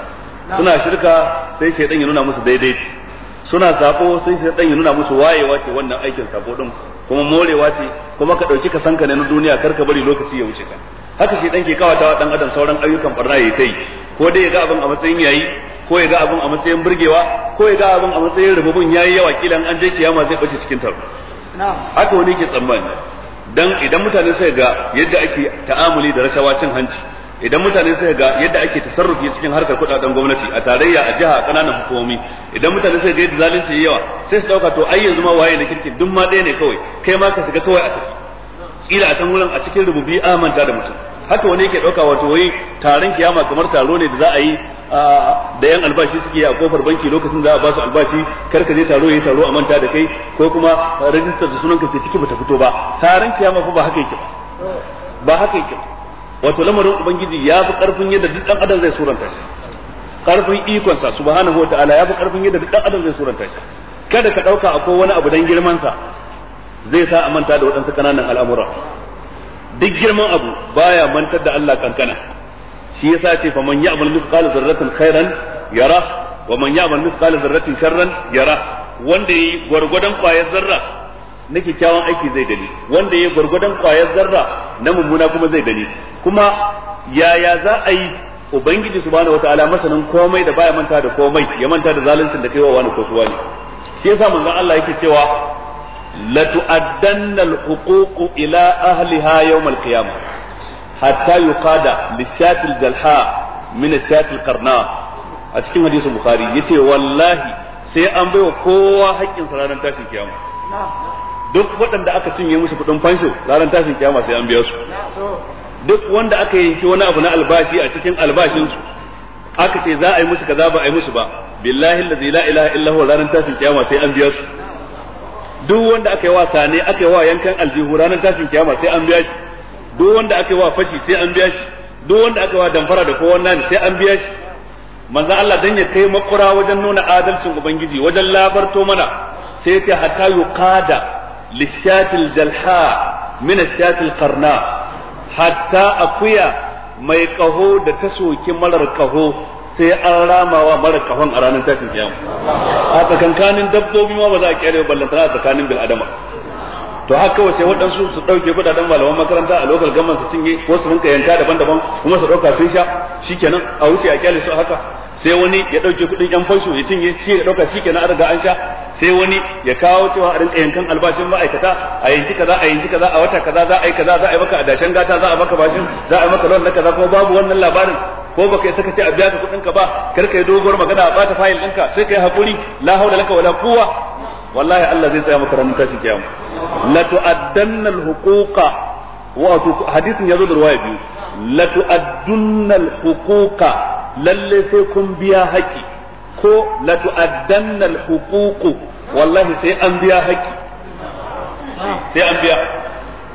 suna shirka sai shaytan ya nuna musu daidaici suna sabo sai sai dan ya nuna musu wayewa ce wannan aikin sabo din kuma morewa ce kuma ka dauki ka sanka ne na duniya kar ka bari lokaci ya wuce ka haka shi dan ke kawatawa dan adam sauran ayyukan barna yayi tai ko dai ya ga abin a matsayin yayi ko ya ga abin a matsayin burgewa ko ya ga abin a matsayin rububun yayi yawa kilan an je kiyama zai bace cikin taro haka wani ke tsammani dan idan mutane sai ga yadda ake ta'amuli da rashawa cin hanci idan mutane sai ga yadda ake tasarrufi cikin harkar kudaden gwamnati a tarayya a jiha kananan hukumomi idan mutane sai ga yadda zalunci yi yawa sai su dauka to ai yanzu ma waye na kirkin duk ma ɗaya ne kawai kai ma ka shiga kawai a tafi ila a can wurin a cikin rububi a manta da mutum haka wani yake dauka wato wai taron kiyama kamar taro ne da za a yi da yan albashi suke a kofar banki lokacin da za a ba su albashi kar ka je taro yayi taro a manta da kai ko kuma rajistar da sunan ka sai ciki bata fito ba taron kiyama ba haka yake ba ba haka yake ba wato lamarin ubangiji ya fi karfin yadda duk dan adam zai suranta shi karfin ikon sa subhanahu wataala ya fi karfin yadda duk dan adam zai suranta shi kada ka dauka akwai wani abu dan girman sa zai sa a manta da waɗansu kananan al'amura duk girman abu baya mantar da Allah kankana shi yasa ce fa man ya'mal mithqala dharratin khairan yara wa man ya'mal mithqala dharratin sharran yara wanda yi gwargwadon kwayar zarra na kyakkyawan aiki zai dani wanda ya gwargwadon kwayar zarra na mummuna kuma zai dani kuma yaya za a yi ubangiji subhanahu wataala masanin komai da baya manta da komai ya manta da zaluncin da kaiwa wani kosuwa ne shi yasa manzon Allah yake cewa la tu'addanna al-huquq ila ahliha yawm al-qiyamah hatta yuqada lishatil jalha min ashatil qarna a cikin hadisin bukhari yace wallahi sai an baiwa kowa haƙƙin sa tashin kiyama duk waɗanda aka cinye musu kuɗin fansho ranar tashin kyama sai an biya su duk wanda aka yanki wani abu na albashi a cikin albashinsu aka ce za a yi musu kaza ba a yi musu ba billahi allazi la ilaha illa huwa ranar tashin kyama sai an biya su duk wanda aka yi wa sane aka yi wa yankan aljihu ranar tashin kyama sai an biya shi duk wanda aka yi wa fashi sai an biya shi duk wanda aka yi wa damfara da kowa nani sai an biya shi manzo Allah dan ya kai makura wajen nuna adalcin ubangiji wajen labarto mana sai ya ce hatta yuqada lishatil jalha min ashatil qarna hatta akuya mai kaho da ta soki marar kaho sai an ramawa mara kahon a ranar tashin kiyama a tsakankanin dabbobi ma ba za a kyale ballantana a tsakanin bil adama to haka wace waɗansu su ɗauke kuɗaɗen malaman makaranta a lokal gaman cinye ko su rinka yanka daban-daban kuma su ɗauka sun sha shikenan a wuce a kyale su haka sai wani ya ɗauke kuɗin yan fansho ya cinye shi ya ɗauka shi kenan an riga an sha sai wani ya kawo cewa a rinka yankan albashin ma'aikata a yanki kaza a yanki kaza a wata kaza za a yi kaza za a yi maka adashen gata za a maka bashin za a yi maka loan na kaza kuma babu wannan labarin ko baka saka ce a biya ka kudin ka ba kar kai dogon magana a bata fayil ɗinka sai kai haƙuri la haula laka wala kuwa. wallahi Allah zai tsaya maka ranar tashin kiyama la tu'addanna al-huquqa wa hadisin yazo da riwaya biyu la tu'addunna al-huquqa lalle sai kun biya haƙi ko la tu'addanna al wallahi sai an biya haƙi sai an biya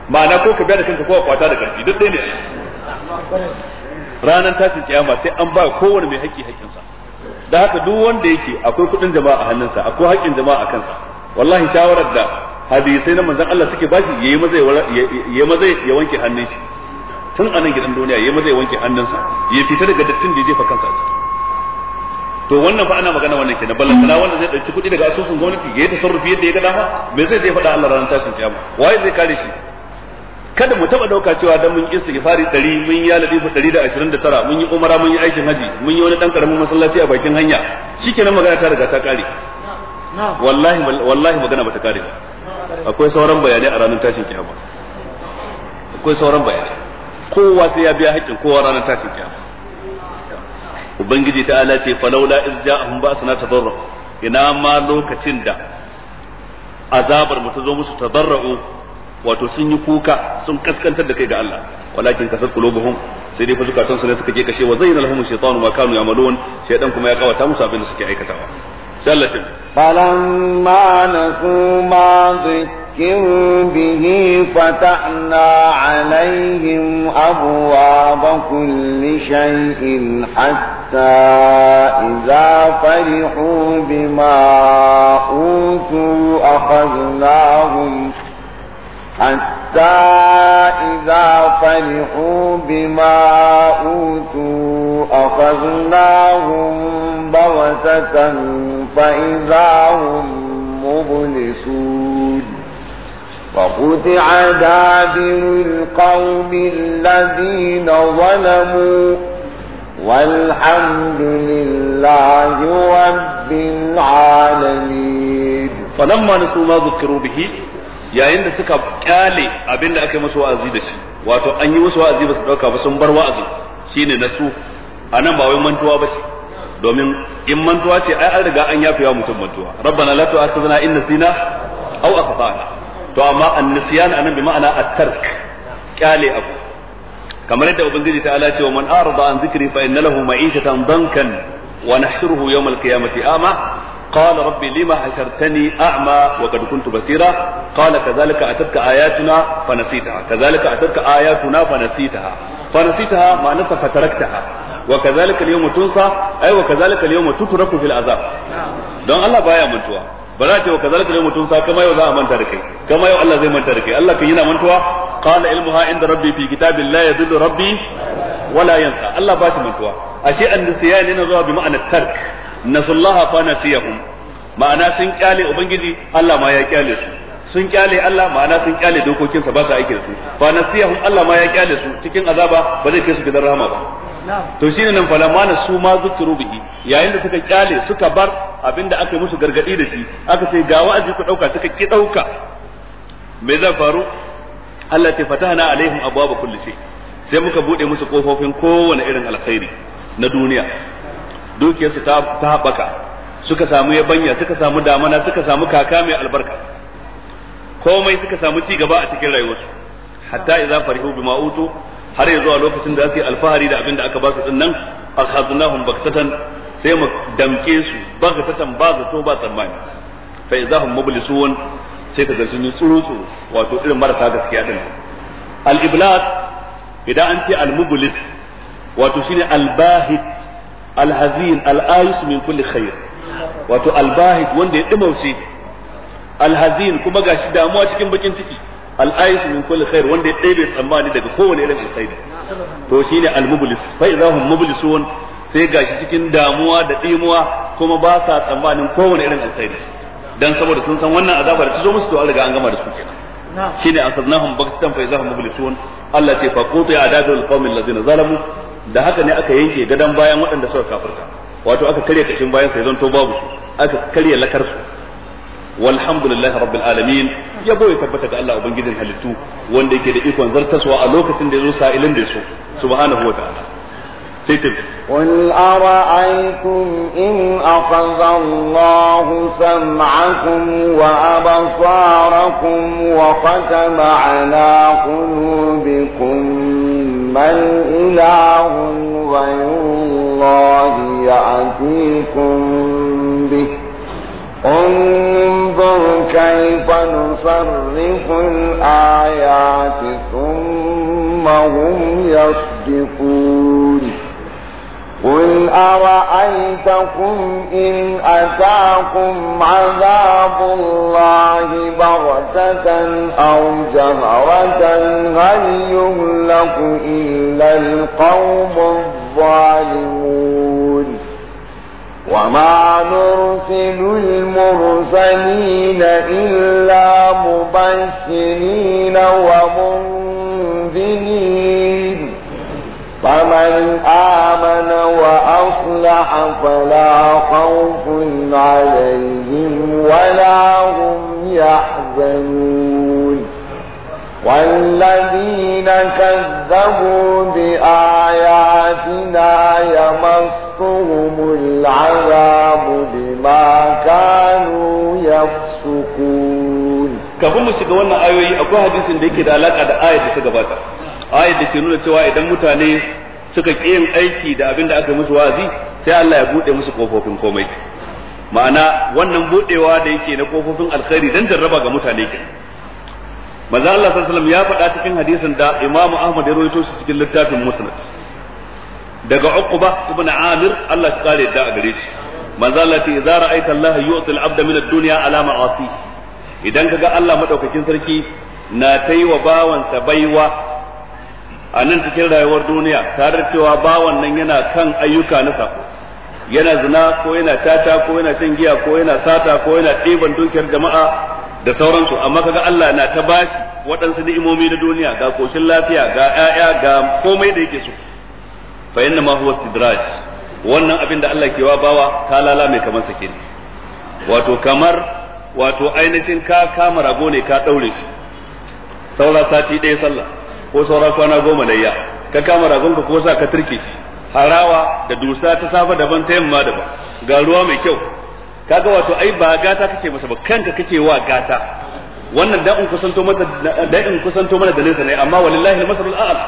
ma'ana ko ka biya da kanka ko ka kwata da karfi duk ɗaya ne ranar tashin kiyama sai an ba kowane mai haƙi haƙinsa da haka duk wanda yake akwai kuɗin jama'a a hannunsa akwai haƙin jama'a a kansa wallahi shawarar da hadisai na manzon Allah suke bashi yayi maza ya wanke hannun shi tun a nan gidan duniya ya mazai ya wanke hannunsa ya fita daga dattin da ya jefa kansa a ciki to wannan fa ana magana wannan kenan ballan kana wanda zai dauki kuɗi daga asusun gwamnati ya yi tasarrufi yadda ya ga dama me zai zai da Allah ranar tashin kiyama waye zai kare shi kada mu taba dauka cewa dan mun istighfari 100 mun ya ladifu 129 mun yi umara mun yi aikin haji mun yi wani dan karamin masallaci a bakin hanya shikenan magana ta riga ta kare wallahi wallahi magana bata kare ba akwai sauran bayanai a ranar tashin kiyama akwai sauran bayanai kowa sai ya biya haƙƙin kowa ranar tashin kiyama ubangiji ta ala ce falaula iz ja'ahum ba'suna tadarra ina ma lokacin da azabar mu ta zo musu tadarra'u wato sun yi kuka sun kaskantar da kai ga Allah walakin kasar kulubuhum sai dai fa zukatan su ne suka ke kashe wa zayyana lahum shaytanu ma kanu ya'malun shaydan kuma ya kawata musu abin da suke aikatawa sallatin falamma nasu ma به فتحنا عليهم أبواب كل شيء حتى إذا فرحوا بما أوتوا أخذناهم حتى إذا فرحوا بما أوتوا أخذناهم بغتة فإذا هم مبلسون وقدع دابر القوم الذين ظلموا والحمد لله رب العالمين فلما نسوا ما ذكروا به يا عند سكا كالي أبن لأكي مسوا أزيد شيء واتو أني مسوا أزيد بس دوكا بس مبر نسوا أنا ما وين من توا دومين إن من توا شيء أعلى أن يفيا متمتوا ربنا لا تؤاخذنا إن نسينا أو أخطأنا to amma annisyan anan bi ma'ana at-tark kyale abu kamar yadda ubangiji ta ala cewa man arda an zikri fa inna lahu ma'ishatan dankan wa nahshuruhu yawm al-qiyamati ama قال ربي لما حشرتني أعمى وقد كنت بصيرا قال كذلك أتتك آياتنا فنسيتها كذلك أتتك آياتنا فنسيتها فنسيتها ما نسى فتركتها وكذلك اليوم تنسى أي وكذلك اليوم تترك في العذاب دون الله بايا منتوى ba za a wa kazalika ne mutum sa kama yau za a manta da kai kama yau Allah zai manta da kai Allah kan yana mantuwa qala ilmuha inda rabbi fi kitabin la yadullu rabbi wala yansa Allah ba shi mantuwa ashe annisiyan yana zuwa bi ma'anar tark nasullaha fa nasiyahum ma'ana sun kyale ubangiji Allah ma ya kyale su sun kyale Allah ma'ana sun kyale dokokinsa ba sa aiki da su fa nasiyahum Allah ma ya kyale su cikin azaba ba zai kai su gidan rahama ba to shine nan falamma na su ma zukiru bihi yayin da suka kyale suka bar abinda aka musu gargadi da shi aka ce ga wa'azi ku dauka suka ki dauka me zai faru Allah ta fatahna alaihim abwaba kulli shay sai muka bude musu kofofin kowane irin alkhairi na duniya su ta haɓaka suka samu yabanya suka samu damana suka samu kaka mai albarka komai suka samu ci gaba a cikin rayuwarsu hatta idza farihu bima utu har ya zuwa lokacin da za su yi alfahari da abin da aka ba su din nan akhadnahum baktatan sai mu damke su baktatan ba zato ba tsammani fa idahum mublisun sai ka ga sun yi tsuru tsuru wato irin marasa gaskiya din al iblas idan an ce al mublis wato shine al bahid al hazin al ayis min kulli khair wato al bahid wanda ya dumauce al hazin kuma gashi damuwa cikin bakin ciki al-aish min kulli khair wanda ya ɗebe tsammani daga kowane irin alkhairi to shine al-mublis fa hum mublisun sai gashi cikin damuwa da dimuwa kuma ba sa tsammanin kowane irin alkhairi dan saboda sun san wannan azabar da ta zo musu to an riga an gama da su kenan shine akhadnahum baghtatan fa hum mublisun Allah ce fa qutu adadul qawmil Ladina zalamu da haka ne aka yanke gadan bayan waɗanda suka kafirta wato aka karya kashin bayan sai zanto babu su aka karya lakar su والحمد لله رب العالمين يا بوي ثبت قال الله ابن جدن هلتو وندي كده يكون زرتس وا لوكاتين دي زوسا الين دي سبحانه وتعالى سيتب قل ارايتم ان اخذ الله سمعكم وابصاركم وختم على قلوبكم من اله غير الله ياتيكم به انظر كيف نصرف الآيات ثم هم يصدقون قل أرأيتكم إن أتاكم عذاب الله بغتة أو جهرة هل يهلك إلا القوم الظالمون وما نرسل المرسلين إلا مبشرين ومنذرين فمن آمن وأصلح فلا خوف عليهم ولا هم يحزنون والذين كذبوا بآياتنا يمسهم العذاب بما كانوا يفسقون kafin mu shiga wannan ayoyi akwai hadisin da yake da alaka da ayat da ta gabata ayat da ke nuna cewa idan mutane suka ƙi yin aiki da abin da aka musu wazi sai Allah ya buɗe musu kofofin komai ma'ana wannan buɗewa da yake na kofofin alkhairi dan jarraba ga mutane kenan manzo Allah sallallahu alaihi wasallam ya faɗa cikin hadisin da Imam Ahmad ya rawaito shi cikin littafin Musnad daga Uqba ibn Amir Allah ya kare da a gare shi manzo Allah ce idza ra'aita Allah yu'ti al-abda min ad-dunya ala ma'asi idan kaga Allah madaukakin sarki na taiwa bawansa baiwa a nan cikin rayuwar duniya tare da cewa bawan nan yana kan ayyuka na sako yana zina ko yana tata ko yana shan giya ko yana sata ko yana ɗiban dukiyar jama'a da sauransu amma kaga Allah na ta bashi waɗansu ni'imomi na duniya ga koshin lafiya ga ƴaƴa ga komai da yake so fa inna ma huwa istidraj wannan abin da Allah ke wa bawa ka lala mai kamar sake ne wato kamar wato ainihin ka kama rago ne ka daure shi saura sati ɗaya sallah ko saura kwana goma layya ka kama ragon ka ko sa ka turke shi harawa da dusa ta safa daban ta yamma daban ga ruwa mai kyau kaga wato ai ba gata kake masa ba kanka kake wa gata wannan da'in kusanto mata da'in kusanto mana da na ne amma walillahi al a'la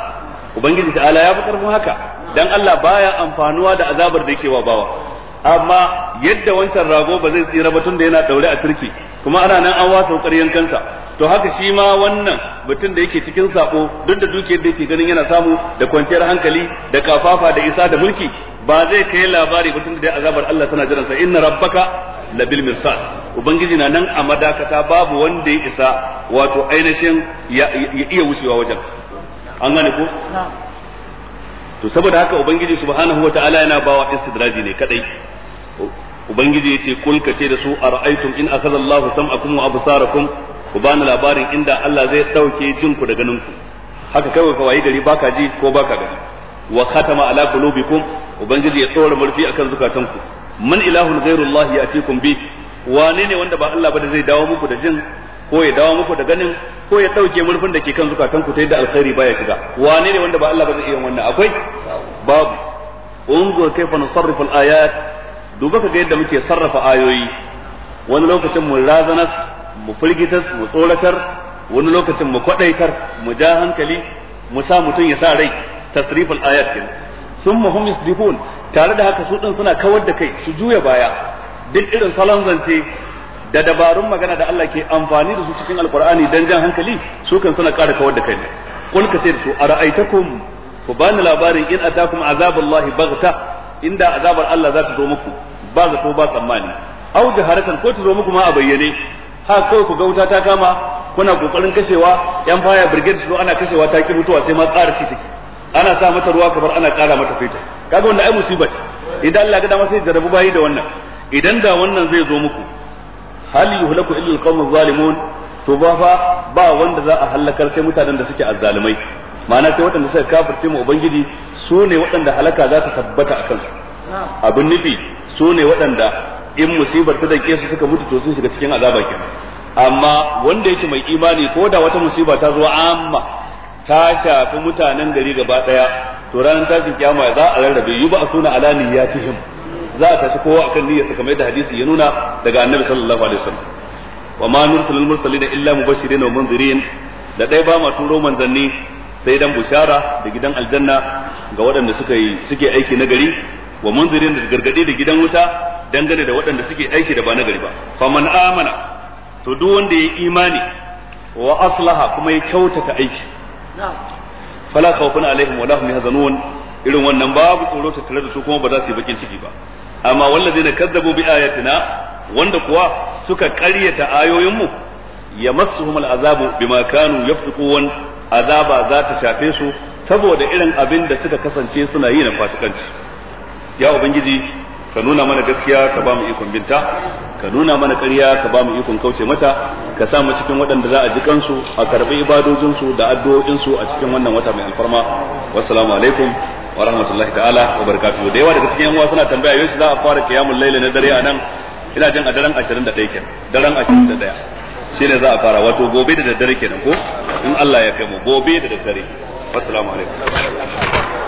ubangiji ta'ala ya fi karfin haka dan Allah baya amfanuwa da azabar da yake wa bawa amma yadda wancan rago ba zai tsira ba tun da yana daure a turki kuma ana nan an wasa yankan sa to haka shi ma wannan mutum da yake cikin sako duk da dukiyar da yake ganin yana samu da kwanciyar hankali da kafafa da isa da mulki ba zai kai labari ba tun da azabar Allah tana jiran sa inna rabbaka labil mirsad ubangiji na nan a madakata babu wanda ya isa wato ainihin ya iya wucewa wajen an gane ko to saboda haka ubangiji subhanahu wataala yana bawa istidraji ne kadai ubangiji yace kul ce da su ara'aytum in akhadha Allahu sam'akum wa absarakum ku bani labarin inda Allah zai dauke jinku da ganinku haka ka wayi gari baka ji ko baka gani wa khatama ala qulubikum ubangiji ya tsora murfi akan zukatanku man ilahun ghairullah yatikum bi wane ne wanda ba Allah ba da zai dawo muku da jin ko ya dawo muku da ganin ko ya dauke murfin da ke kan zukatanku ta yadda alkhairi baya shiga wane ne wanda ba Allah ba zai iya wannan akwai babu unzur kayfa nusarrifu al-ayat duba ka ga yadda muke sarrafa ayoyi wani lokacin mu razanas mu firgitas mu tsoratar wani lokacin mu kwadaitar mu ja hankali mu sa mutum ya sa rai tasriful ayat kin sun muhum yusdifun tare da haka su din suna kawar da kai su juya baya duk irin salon zance da dabarun magana da Allah ke amfani da su cikin alkur'ani dan jan hankali su kan suna ƙara kawar da kai ne kun ka sai da su ara'aitakum ku bani labarin in atakum azabullahi baghta inda azabar Allah za ta zo muku ba zato ba tsammani au jaharatan ko ta zo muku ma a bayyane ha kawai ku ga wuta ta kama kuna kokarin kashewa yan faya brigade zo ana kashewa ta ki mutuwa sai ma tsara shi take ana sa mata ruwa kamar ana kara mata fita kaga wannan ai musiba ce idan Allah ga dama sai jarabu bayi da wannan idan da wannan zai zo muku hal yuhlaku illa alqawmuz zalimun to ba fa ba wanda za a halakar sai mutanen da suke azzalumai ma'ana sai waɗanda suka kafirce mu ubangiji su ne waɗanda halaka za ta tabbata akan su abin nufi su ne waɗanda in musibar ta dake su suka mutu to sun shiga cikin azaba kenan amma wanda yake mai imani ko da wata musiba ta zo amma ta shafi mutanen gari gaba daya to ranar tashin kiyama za a rarrabe yuba asuna ala niyyatihim za a tashi kowa akan niyyarsa kamar da hadisi ya nuna daga annabi sallallahu alaihi wasallam wa ma nursilul mursalina illa mubashirin wa munzirin da dai ba ma turo manzanni sai dan bushara da gidan aljanna ga waɗanda suka yi suke aiki na gari wa munzirin da gargadi da gidan wuta dangane da waɗanda suke aiki da ba na gari ba faman amana to duk wanda ya imani wa aslaha kuma ya kyautata aiki fala khawfun alaihim wa hum yahzanun irin wannan babu tsoro ta tare da su kuma ba za su yi bakin ciki ba amma na kazzabu bi ayatina wanda kuwa suka karyata ƙaryata mu yamassuhum al'azabu bima kanu yafsuqun azaba za ta shafe su saboda irin abin da suka kasance suna yi na fasikanci ya ubangiji ka nuna mana gaskiya ka ba mu ikon binta ka nuna mana ƙarya ka ba mu ikon kauce mata ka sa mu cikin waɗanda za a ji kansu a karɓi ibadojinsu da addu'o'insu a cikin wannan wata mai alfarma wassalamu alaikum wa rahmatullahi ta'ala wa barakatuhu da yawa daga cikin yan uwa suna tambaya yau za a fara kiyamul laili na dare a nan ina jin a daren 21 ke daren 21 shine za a fara wato gobe da daddare kenan ko in Allah ya kai mu gobe da daddare assalamu alaikum